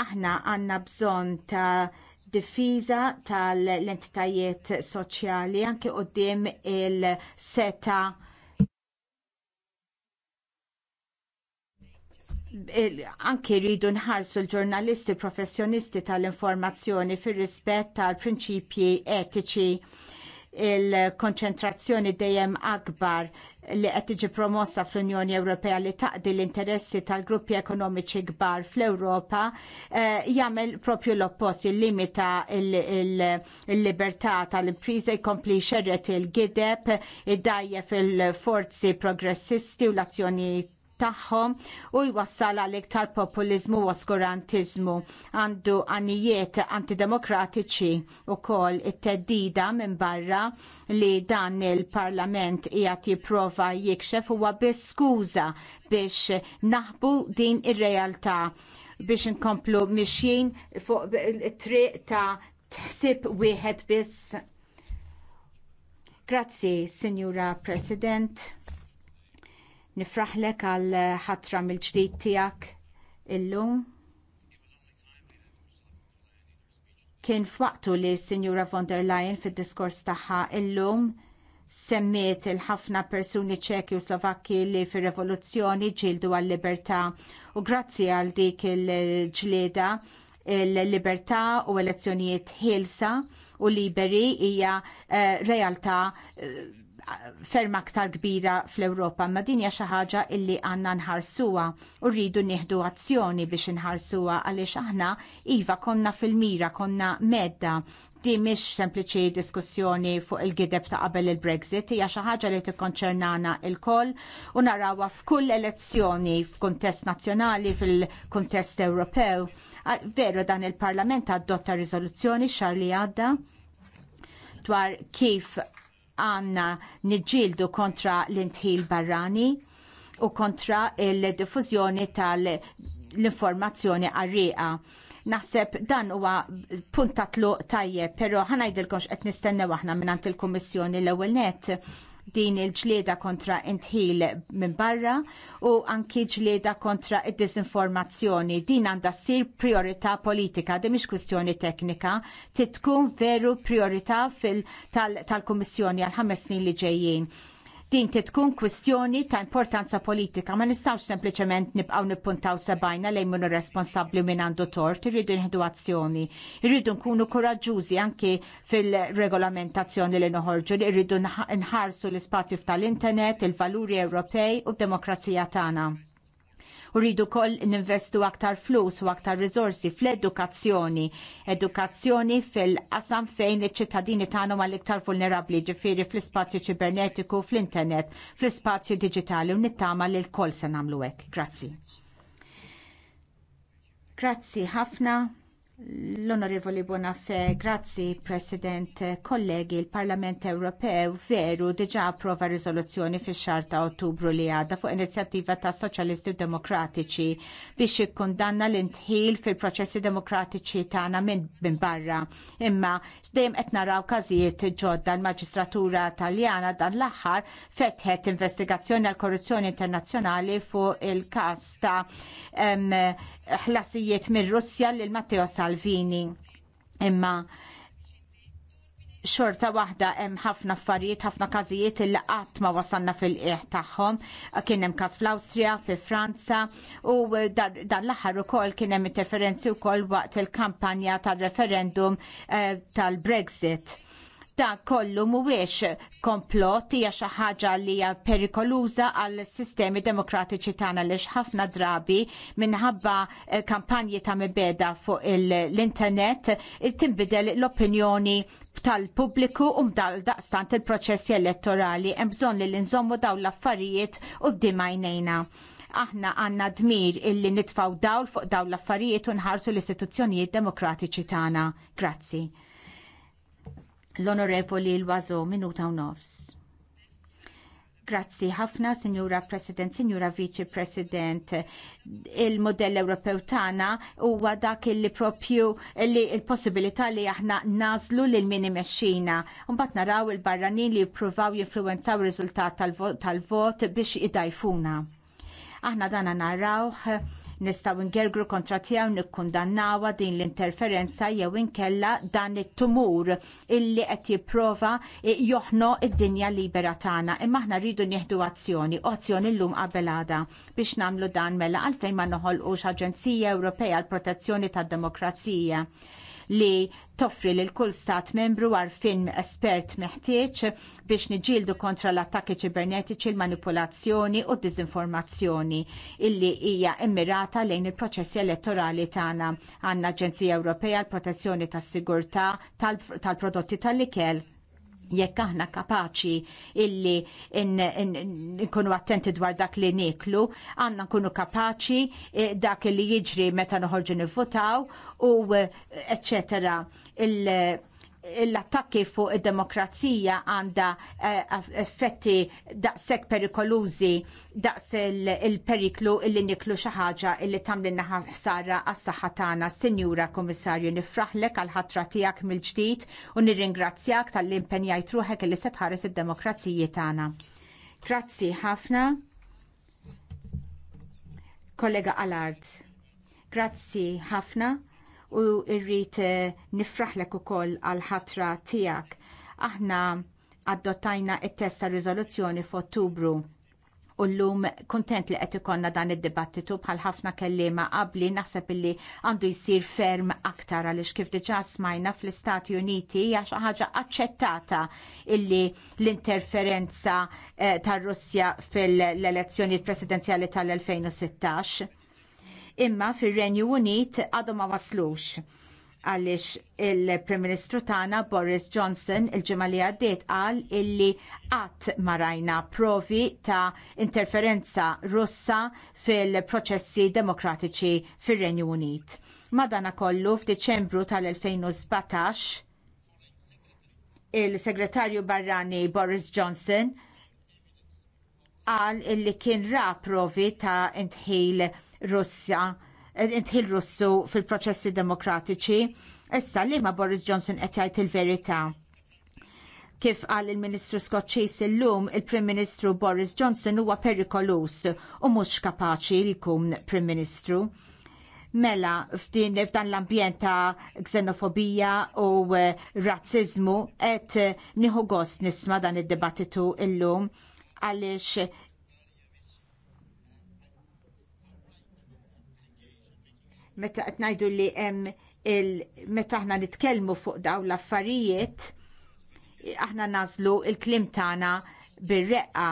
aħna għandna bżonn ta' difiża tal-entitajiet soċjali anke quddiem il-seta anke rridu nħarsu l-ġurnalisti professjonisti tal-informazzjoni fir rispett tal-prinċipji etiċi il-konċentrazzjoni dejjem akbar li qed tiġi promossa fl-Unjoni Ewropea li taqdi l-interessi tal-gruppi ekonomiċi kbar fl-Ewropa eh, jagħmel propju l-oppost jillimita l-libertà tal-impriża jkompli xerret il-gideb id-dajje il-forzi progressisti u l-azzjonijiet tagħhom u jwassal għal iktar populiżmu u oskurantizmu. għandu għanijiet antidemokratiċi u kol it-teddida minn barra li dan il-parlament jgħat jipprova jikxef huwa biss skuża biex naħbu din ir-realtà biex inkomplu mixjin fuq it-triq ta' tħsib wieħed biss. Grazzi, Signora President. Nifraħlek għal ħatra mill-ġdid tiegħek illum. Kien f'waqtu li s-Sinjura von der Leyen fid-diskors tagħha illum semmiet il-ħafna persuni ċeki u Slovakki li fir revoluzzjoni ġildu għal libertà u grazzi għal dik il-ġlieda il-libertà u elezzjonijiet ħilsa u liberi hija uh, realtà uh, ferm aktar kbira fl-Ewropa, ma din hija xi ħaġa illi għandna nħarsuha u rridu nieħdu azzjoni biex inħarsuha għaliex aħna iva konna fil-mira, konna medda di mhix sempliċi diskussjoni fuq il-gideb ta' qabel il-Brexit, hija xi ħaġa li tikkonċernana il-koll u narawha f'kull elezzjoni f'kuntest nazzjonali, fil-kuntest Ewropew. Veru dan il-Parlament adotta riżoluzzjoni xar li għadda dwar kif għanna niġġieldu kontra l-intħil barrani u kontra il-diffużjoni tal-informazzjoni għarriqa. Naħseb dan huwa punt ta' tluq tajjeb, però ħanajdilkom x'qed nistennew aħna minn il-Kummissjoni l-ewwel net din il-ġlieda kontra intħil minn barra u anki ġlieda kontra id-disinformazzjoni. Din għandha ssir priorità politika, di mish kwistjoni teknika, titkun veru priorità tal-Kummissjoni għal ħames snin li ġejjin din tkun kwistjoni ta' importanza politika. Ma nistawx sempliċement nibqaw nippuntaw sebajna lejn minu responsabli minn għandu tort, irridu nħedu azzjoni, irridu nkunu koraġġużi anki fil-regolamentazzjoni li noħorġu, irridu nħarsu l-ispazju tal-internet, il-valuri Ewropej u d-demokrazija tagħna u rridu koll ninvestu aktar flus u aktar rizorsi fl-edukazzjoni. Edukazzjoni fil-qasam fejn iċ-ċittadini tagħhom għall-iktar vulnerabbli ġifieri fl-ispazju ċibernetiku, fl-internet, fl-ispazju diġitali u nittama li l-kol se nagħmlu hekk. Grazzi. Grazzi ħafna. L-Onorevoli Bonafè, grazzi President, kollegi, il-Parlament Ewropew veru diġa approva riżoluzzjoni fix xahar ta' Ottubru li għadda fuq inizjattiva ta' Soċjalisti u Demokratiċi biex jikkundanna l-intħil fil-proċessi demokratiċi tagħna minn min barra. Imma dejjem qed naraw każijiet ġodda l-Maġistratura Taljana dan l-aħħar fetħet investigazzjoni għal korruzzjoni internazzjonali fuq il-każ ta' ħlasijiet mir Russja lil Matteo Salvini. Imma xorta waħda hemm ħafna affarijiet, ħafna każijiet illi qatt ma wasalna fil-qiegħ tagħhom. Kien hemm każ fl-Awstrija, fi Franza u dan l-aħħar ukoll kien hemm interferenzi wkoll waqt il-kampanja tar-referendum eh, tal-Brexit. Da kollu mhuwiex komplott hija xi ħaġa li hija perikoluża għal sistemi demokratiċi tagħna li ħafna drabi minħabba eh, kampanji ta' mibeda fuq l-internet eh, tinbidel l-opinjoni tal-pubbliku u mdal daqstant il-proċessi elettorali hemm bżonn li nżommu dawn l-affarijiet u d-dimajnejna aħna għanna dmir illi nitfaw dawl fuq dawl l-affarijiet u nħarsu l-istituzzjonijiet demokratiċi tagħna. Grazzi l-Onorevoli l-Wazo minuta u nofs. Grazzi ħafna, Signora President, Signora Vice President. Il-modell Ewropew tagħna huwa dak li propju li l-possibilità li aħna nażlu lil min imexxina. Mbagħad naraw il-barranin li jippruvaw jinfluwenzaw ir-riżultat tal-vot biex idajfuna. Aħna dana narawh Nistgħu ngergru kontra tiegħu nikkundannawa din l-interferenza jew inkella dan it-tumur illi qed jipprova joħno id-dinja libera tagħna. Imma aħna rridu nieħdu azzjoni, azzjoni llum qabel għada biex nagħmlu dan mela għalfejn ma noħolqux Aġenzija Ewropea għall Protezzjoni tad-Demokrazija li toffri lil kull stat membru għarfien espert meħtieġ biex niġildu kontra l-attakki ċibernetiċi, l-manipolazzjoni u d dizinformazzjoni illi hija immirata lejn il-proċessi elettorali tagħna. Għandna Aġenzija Ewropea l-Protezzjoni tas-Sigurtà tal-Prodotti tal-Ikel jekk aħna kapaċi illi nkunu attenti dwar dak li niklu, għanna nkunu kapaċi eh, dak li jiġri meta noħorġu nivvotaw u eccetera. Eh, l-attakki fuq id-demokrazija għandha eh, effetti daqshekk perikolużi daqs il-periklu illi niklu xi ħaġa illi tagħmlilna ħsara għas-saħħa tagħna. Sinjura Kummissarju, nifraħlek għal ħatra tiegħek mill-ġdid u nirringrazzjak tal-impenjajt ruħek illi se tħares id-demokrazija tagħna. Grazzi ħafna. Kollega Allard. Grazzi ħafna u rrid eh, nifraħlek ukoll għall ħatra tiegħek. Aħna adottajna t test riżoluzzjoni f'Ottubru u llum kuntent li qed ikollna dan id-dibattitu bħal ħafna kelliema qabli naħseb illi għandu jsir ferm aktar għaliex kif diġà smajna fl-Istati Uniti hija xi ħaġa aċċettata illi l-interferenza eh, tar Russja fil-elezzjonijiet presidenzjali tal-2016 imma fir-Renju Unit għadhom ma waslux għaliex il-Prim Ministru tagħna Boris Johnson il-ġimgħa li għaddiet qal illi qatt ma rajna provi ta' interferenza Russa fil-proċessi demokratiċi fir-Renju Unit. Madanakollu f'Diċembru tal-2017 il-Segretarju Barrani Boris Johnson qal illi kien ra provi ta' intħil Russja eh, intħil Russu fil-proċessi demokratiċi. Issa li ma Boris Johnson qed jgħid il-verità. Kif qal il-Ministru Skoċċis illum, il-Prim Ministru Boris Johnson huwa perikolus u mhux kapaċi li jkun Prim Ministru mela f'din f'dan l-ambjent ta' xenofobija u eh, razzizmu qed nieħu gost nisma' dan id-dibattitu llum għaliex meta qed ngħidu li hemm il meta aħna nitkellmu fuq dawn l-affarijiet aħna nażlu il-klim tagħna bir-reqqa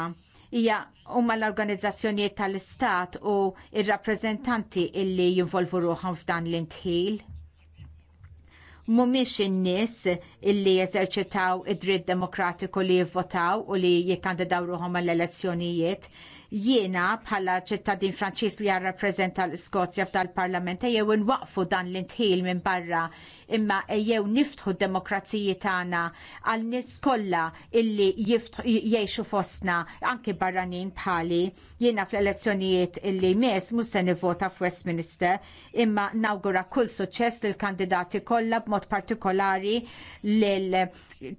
hija huma l-organizzazzjonijiet tal-istat u r rappreżentanti illi jinvolvu ruħhom f'dan l-intħil. Mhumiex in-nies illi jeżerċitaw id-dritt demokratiku li jivvotaw u li jikkandidaw ruħhom għall-elezzjonijiet, jiena bħala ċittadin Franċiż li jarrappreżenta l-Iskozja f'dal parlament ejjew inwaqfu dan l-intħil minn barra imma ejjew niftħu d-demokrazija tagħna għal nies kollha illi jgħixu fostna anke barranin bħali jiena fl-elezzjonijiet illi mes mhux se nivvota f'Westminster imma nawgura kull suċċess lil kandidati kollha b'mod partikolari lil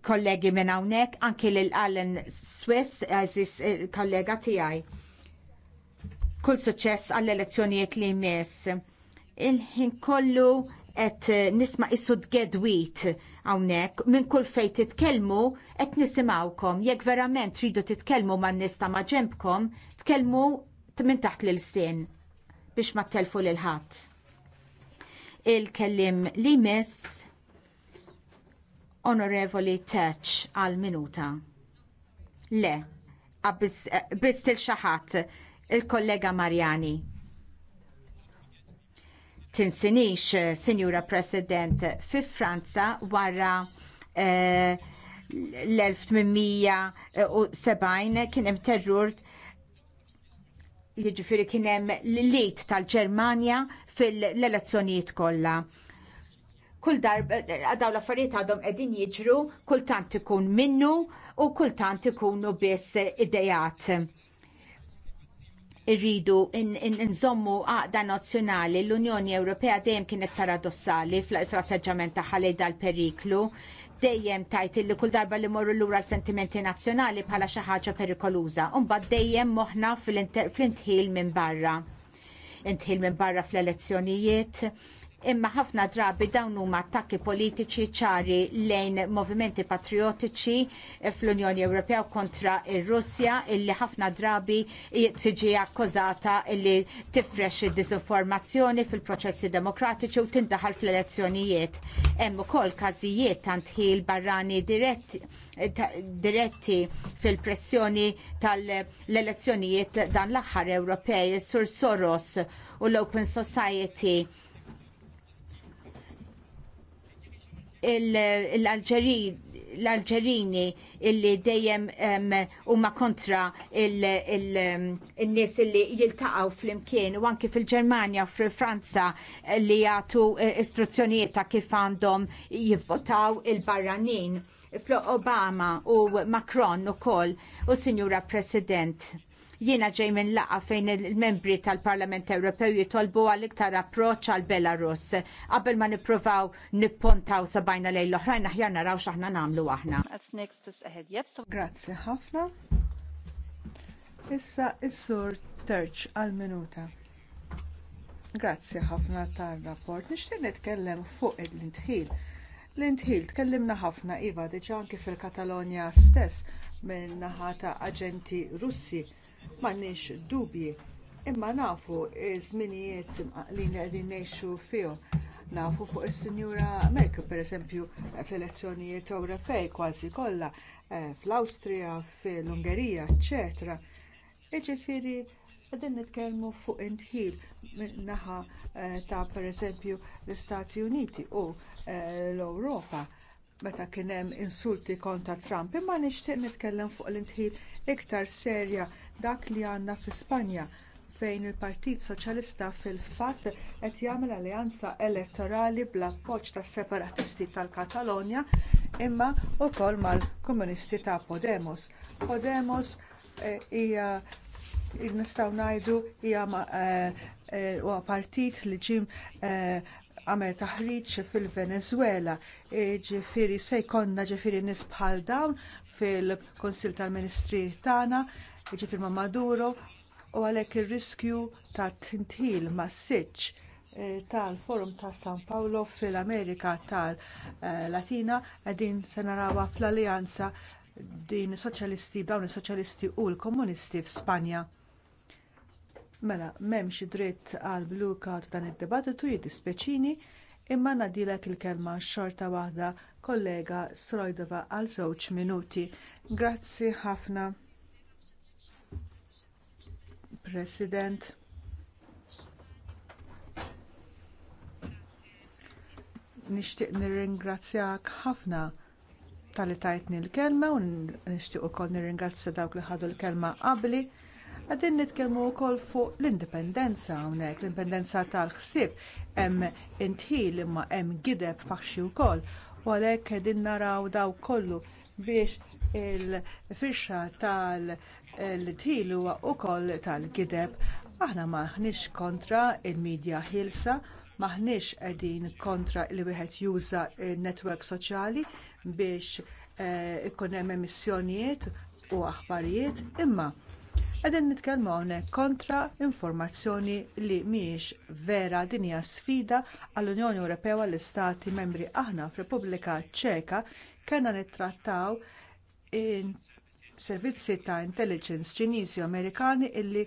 kollegi minn hawnhekk anke lil Allen Swiss, eh, kollega tiegħi kull suċċess għall-elezzjonijiet li jmiss. Il-ħin kollu qed nisma' isud gedwit hawnhekk minn kull fej titkellmu qed nisimgħukom. Jekk verament tridu titkellmu man-nies ta' ma' ġenbkom, tkellmu minn taħt lil sin biex ma telfu lil ħadd. Il-kellim li miss Onorevoli Teċ għal minuta. Le, għabbis til xaħat il-kollega Mariani. Tinsinix, eh, Sinjura President, fi Franza wara eh, l-1870 kien hemm terror jiġifieri kien hemm l-lit tal-Ġermanja fil-elezzjonijiet kollha kull darba għadaw eh, l-affarijiet għadhom qegħdin jiġru, kultant ikun minnu u kultant ikunu biss idejat irridu nżommu għaqda nazzjonali l-Unjoni Ewropea dejjem kienet paradossali fl-atteġġament tagħha lejn dal-periklu dejjem tajt li kull darba li morru lura l-sentimenti nazzjonali bħala xi ħaġa perikoluża, u mbagħad dejjem moħħna fl-intħil minn barra. Intħil minn barra fl-elezzjonijiet, imma ħafna drabi dawn huma attakki politiċi ċari lejn movimenti patriotiċi fl-Unjoni Ewropea kontra ir-Russja illi ħafna drabi tiġi akkużata illi tifrex id-disinformazzjoni fil-proċessi demokratiċi u tindaħal fl-elezzjonijiet. Hemm ukoll każijiet tant ħil barrani diretti, diretti fil-pressjoni tal-elezzjonijiet dan l-aħħar Ewropej, Sur Soros u l-Open Society l-Alġerini illi dejjem huma kontra il-nies illi jiltaqgħu flimkien u anki fil-Ġermanja u fil-Franza li jagħtu e, istruzzjonijiet ta' kif għandhom jivvotaw il-barranin. Obama u Macron ukoll u Sinjura President Jiena ġej minn laqa fejn il-membri tal-Parlament Ewropew jitolbu għal iktar approċċ għal Belarus. Qabel ma nippruvaw nippontaw sabajna lejn l-oħrajn aħjar naraw x'aħna nagħmlu aħna. Grazzi ħafna. Issa is-sur Terċ għal minuta. Grazzi ħafna tar-rapport. Nixtieq nitkellem fuq il-intħil. L-intħil tkellimna ħafna iva diġà anki fil-Katalonja stess minn naħata aġenti Russi m'għandniex dubji imma nafu ż-żminijiet li qegħdin ngħixu fihom. Nafu fuq is-Sinjura Merkel pereżempju fl-elezzjonijiet Ewropej kważi kollha eh, fl-Awstrija, fil ungerija eċetera. Jiġifieri qegħdin nitkellmu fuq intħil naħa eh, ta' pereżempju l-Istati Uniti u eh, l-Ewropa meta kien hemm insulti kontra Trump, imma nixtieq nitkellem fuq l-intħil iktar serja dak li għandna fi Spanja fejn il-Partit Soċjalista fil-fatt qed jagħmel alleanza elettorali bl-appoġġ tas-separatisti tal-Katalonja imma wkoll mal-Komunisti ta' Podemos. Podemos eh, hija nistgħu ngħidu hija eh, eh, huwa partit li ġim e, għamel taħriġ fil venezwela e, ġifiri se jkollna ġifiri nies bħal dawn fil kunsill tal-Ministri tagħna, jiġifier ma' Maduro, u għalhekk ir-riskju ta' tintil massiċċ eh, tal-Forum ta' San Paolo fil-Amerika tal-Latina qegħdin se narawha fl-Alleanza din soċjalisti dawn is-soċjalisti u l-komunisti f'Spanja. Mela, m'hemmx dritt għal bluka ta' dan id-debattitu jiddispjaċini imma ngħaddilek il-kelma xorta waħda kollega Srojdova għal żewġ minuti. Grazzi ħafna. President. Nixtieq nirringrazzjak ħafna tal-li tajtni l-kelma u nixtieq ukoll nirringrazzja dawk li ħadu l-kelma qabli. Għadin nitkellmu wkoll fuq l-indipendenza hawnhekk, l-indipendenza tal-ħsieb hemm intħil imma hemm gideb faxxi wkoll u għalhekk qegħdin naraw daw kollu biex il-firxa tal-tħil huwa wkoll tal-gideb. Aħna maħniex kontra il-medja ħilsa, maħniex qegħdin kontra li wieħed juża n-netwerk soċjali biex eh, ikun hemm emissjonijiet u aħbarijiet, imma Qegħdin nitkellmu hawnhekk kontra informazzjoni li mhijiex vera din hija sfida għall-Unjoni Ewropea għall istati membri aħna f'Repubblika Ċeka kellna nittrattaw servizzi ta' intelligence Ċiniżi u Amerikani illi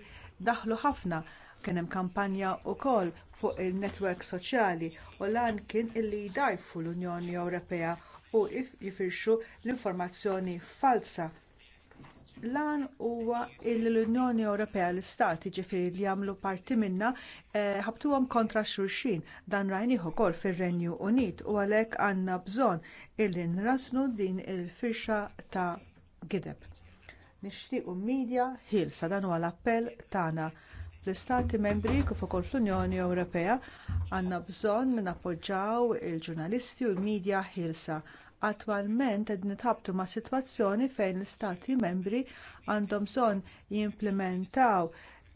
daħlu ħafna kien hemm kampanja wkoll fuq il netwerk soċjali u lan kien illi jdajfu l-Unjoni Ewropea u jifirxu l-informazzjoni falsa Lan huwa l-Unjoni Ewropea l-Istati ġifieri li jagħmlu parti minnha eh, ħabtuhom kontra xulxin dan rajnih ukoll fir-Renju Unit u għalhekk għandna bżonn illi nrasnu din il-firxa ta' gideb. Nixtiequ midja ħilsa dan huwa l-appell tagħna fl-Istati membri kif ukoll fl-Unjoni Ewropea għandna bżonn nappoġġjaw il-ġurnalisti u l-midja ħilsa Attwalment qed nitħabtu ma' sitwazzjoni fejn l-istati membri għandhom bżonn jimplementaw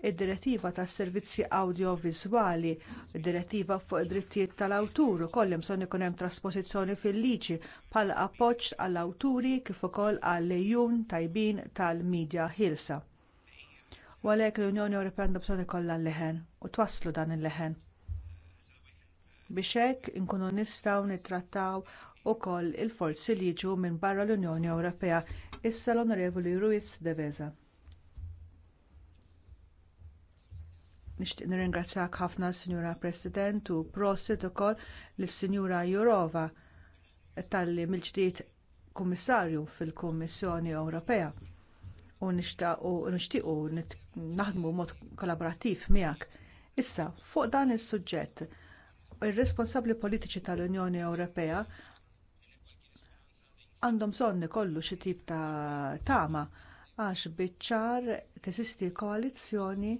id-direttiva tas servizzi awdjoviżwali, id-direttiva fuq id-drittijiet tal-awtur ukoll hemm bżonn ikun hemm trasposizzjoni fil-liġi bħala appoġġ għall-awturi kif ukoll għall-lejjun tajbin tal-midja ħilsa. U għalhekk l-Unjoni Ewropea għandha bżonn ikollha l-leħen u twasslu dan il-leħen. Biex hekk inkunu nistgħu nittrattaw wkoll il-forzi li jiġu minn barra l-Unjoni Ewropea. Issa l-Onorevoli Ruiz de Veza. Nixtieq nirringrazzjak ħafna Sinjura President u prosit ukoll lis-Sinjura Jurova talli mill-ġdid Kummissarju fil-Kummissjoni Ewropea u nixtiequ naħdmu mod kollaborattiv miegħek. Issa, fuq dan is-suġġett, ir-responsabbli politiċi tal-Unjoni Ewropea għandhom sonni kollu xi tip ta' tama għax biċ-ċar teżisti koalizzjoni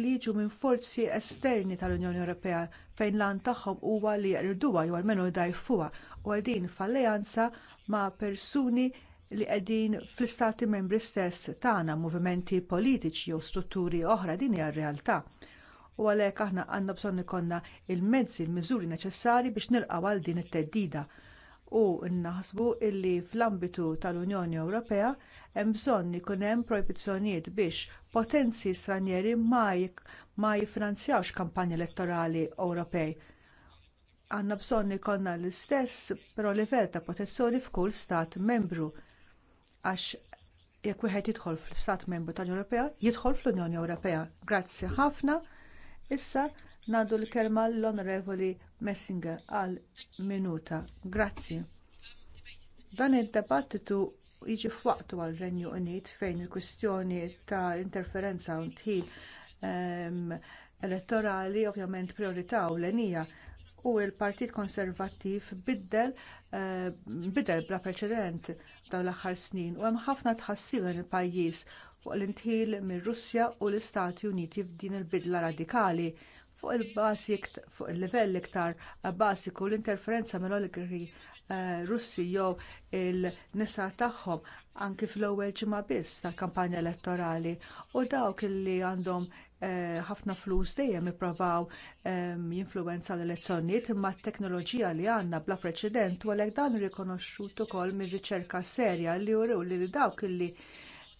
li jiġu minn forzi esterni tal-Unjoni Ewropea fejn lan tagħhom huwa li jqirduha jew almenu jdajfuha u qegħdin f'alleanza ma' persuni li qegħdin fl-istati membri stess tagħna movimenti politiċi jew strutturi oħra din hija r-realtà. U għalhekk aħna għandna bżonn ikollna l mezzi l-miżuri neċessarji biex nilqgħu għal din it-teddida u nnaħsbu illi fl-ambitu tal-Unjoni Ewropea hemm bżonn ikun hemm projbizzjonijiet biex potenzi stranieri ma jiffinanzjawx kampanji elettorali Ewropej. Għandna bżonn ikollna l-istess però livell ta' protezzjoni f'kull stat membru għax jekk wieħed jidħol fl-Stat Membru tal-Ewropea, jidħol fl-Unjoni Ewropea. Grazzi ħafna. Issa Nadu l-kelma l-Onorevoli Messinger għal minuta. Grazzi. Dan id-debattitu jiġi f'waqtu għal Renju Unit fejn il-kwistjoni ta' interferenza u tħil ehm, elettorali ovvjament priorità u l u l partit Konservattiv biddel ehm, bidel bla preċedent dawn l-aħħar snin u hemm ħafna tħassib dan il-pajjiż fuq l-intħil mir Russja u l-Istati Uniti f'din il-bidla radikali fuq il-basik fuq il-livell iktar basiku l-interferenza mill-oligarki eh, Russi jew il-nisa tagħhom anki fl-ewwel ġimgħa biss tal-kampanja elettorali u dawk li għandhom eh, ħafna flus dejjem ippruvaw ehm, jinfluwenza l-elezzjonijiet imma t-teknoloġija li għandna bla preċedent u għalhekk dan irrikonoxxut ukoll mir-riċerka serja li wrew li dawk li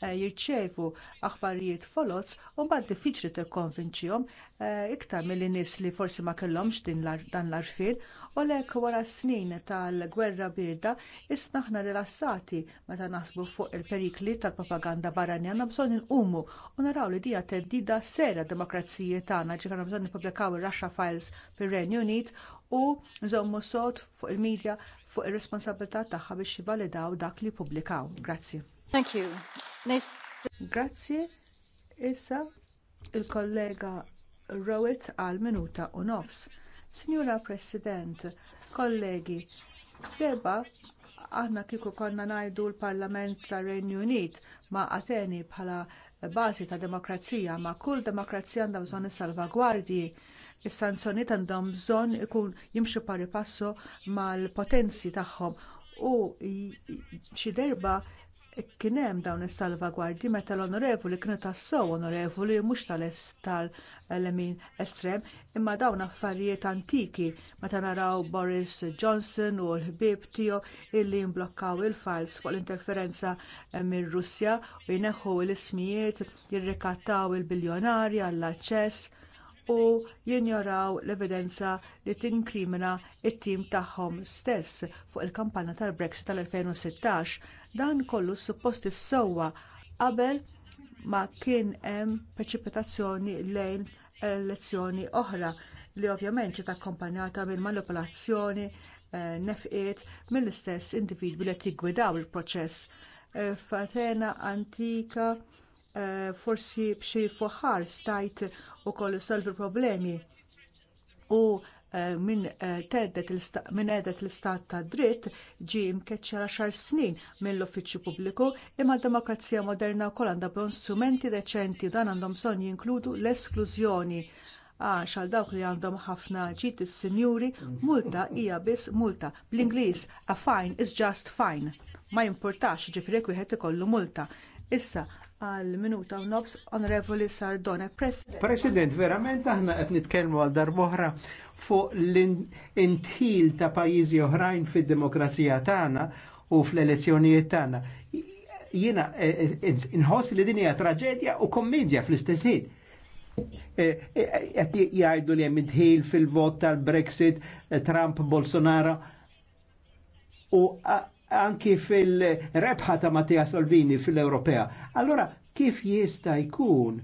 Eh, jirċevu aħbarijiet folots u mbagħad diffiċli tikkonvinċihom eh, iktar milli nies li forsi ma kellhomx din dan l-arfien u lek wara snin tal-gwerra birda issa aħna rilassati meta naħsbu fuq il-perikli tal-propaganda barranija bżonn inqumu u naraw li dija theddida sera demokrazija tagħna ġifier bżonn nippubblikaw il russia Files fir-Renju Unit u nżommu sod fuq il-medja fuq ir-responsabilità tagħha biex jivvalidaw dak li ppubblikaw. Grazzi. Thank you. Grazie. Issa il-kollega Rowitz għal minuta u nofs. Signora President, kollegi, deba aħna kieku konna ngħidu l-Parlament tar Renju Unit ma' Ateni bħala bażi ta' demokrazija, ma' kull demokrazija għandha bżonn is-salvagwardji. Is-sanzjonijiet għandhom bżonn ikun jimxu pari passo mal-potenzi tagħhom u xi derba Kien hemm dawn is-salvagwardji meta l-onorevoli kienu tassew onorevoli mhux tal est tal-lemin estrem imma dawn affarijiet antiki meta naraw Boris Johnson u l-ħbieb tiegħu illi mblokkaw il-files fuq l-interferenza eh, mir-Russja u jneħħu l-ismijiet jirrikattaw il-biljonarji għall-aċċess u jinjoraw l-evidenza li tinkrimina t tim tagħhom stess fuq il-kampanja tal-Brexit tal-2016. Dan kollu suppost issewwa qabel ma kien hemm preċipitazzjoni lejn elezzjoni oħra li ovvjament ġiet akkompanjata minn manipolazzjoni eh, nefqiet mill-istess individwi li jiggwidaw il-proċess. Eh, F'Atena antika Eh, forsi b'xi foħar stajt ukoll solvi problemi u eh, minn għedet eh, l-istat ta' dritt ġie mkeċċera xar snin minn l-uffiċċju pubbliku imma d demokrazija moderna wkoll għandha bżonn strumenti deċenti dan għandhom bżonn jinkludu l-esklużjoni għax għal dawk li għandhom ħafna ġid is-sinjuri multa hija biss multa bl-Ingliż a fine is just fine ma jimpurtax ġifri wieħed ikollu multa Issa, għal minuta u nofs onorevoli Sardone. President, President verament aħna qed nitkellmu għal darbohra fuq l-intil ta' pajjiżi oħrajn fid-demokrazija tagħna u fl-elezzjonijiet tagħna. Jiena eh, eh, inħoss li din hija traġedja u kommedja fl-istess ħin. Eh, qed jgħidu li hemm intħil fil-vot tal-Brexit, Trump, Bolsonaro u ah, anki fil-rebħa ta' Mattia Salvini fil-Ewropea. Allora, kif jista' jkun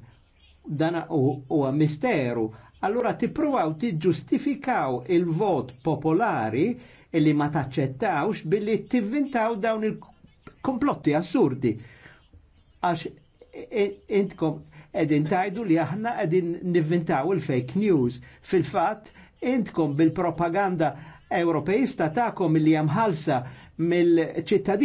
dan huwa misteru? Allora tippruvaw tiġġustifikaw il-vot popolari li ma taċċettawx billi tivvintaw dawn il-komplotti assurdi. Għax e, e, intkom edin tajdu li aħna edin nivvintaw il-fake news. Fil-fat, intkom bil-propaganda Ewropej sta tagħkom li jamħalsa mill-ċittadini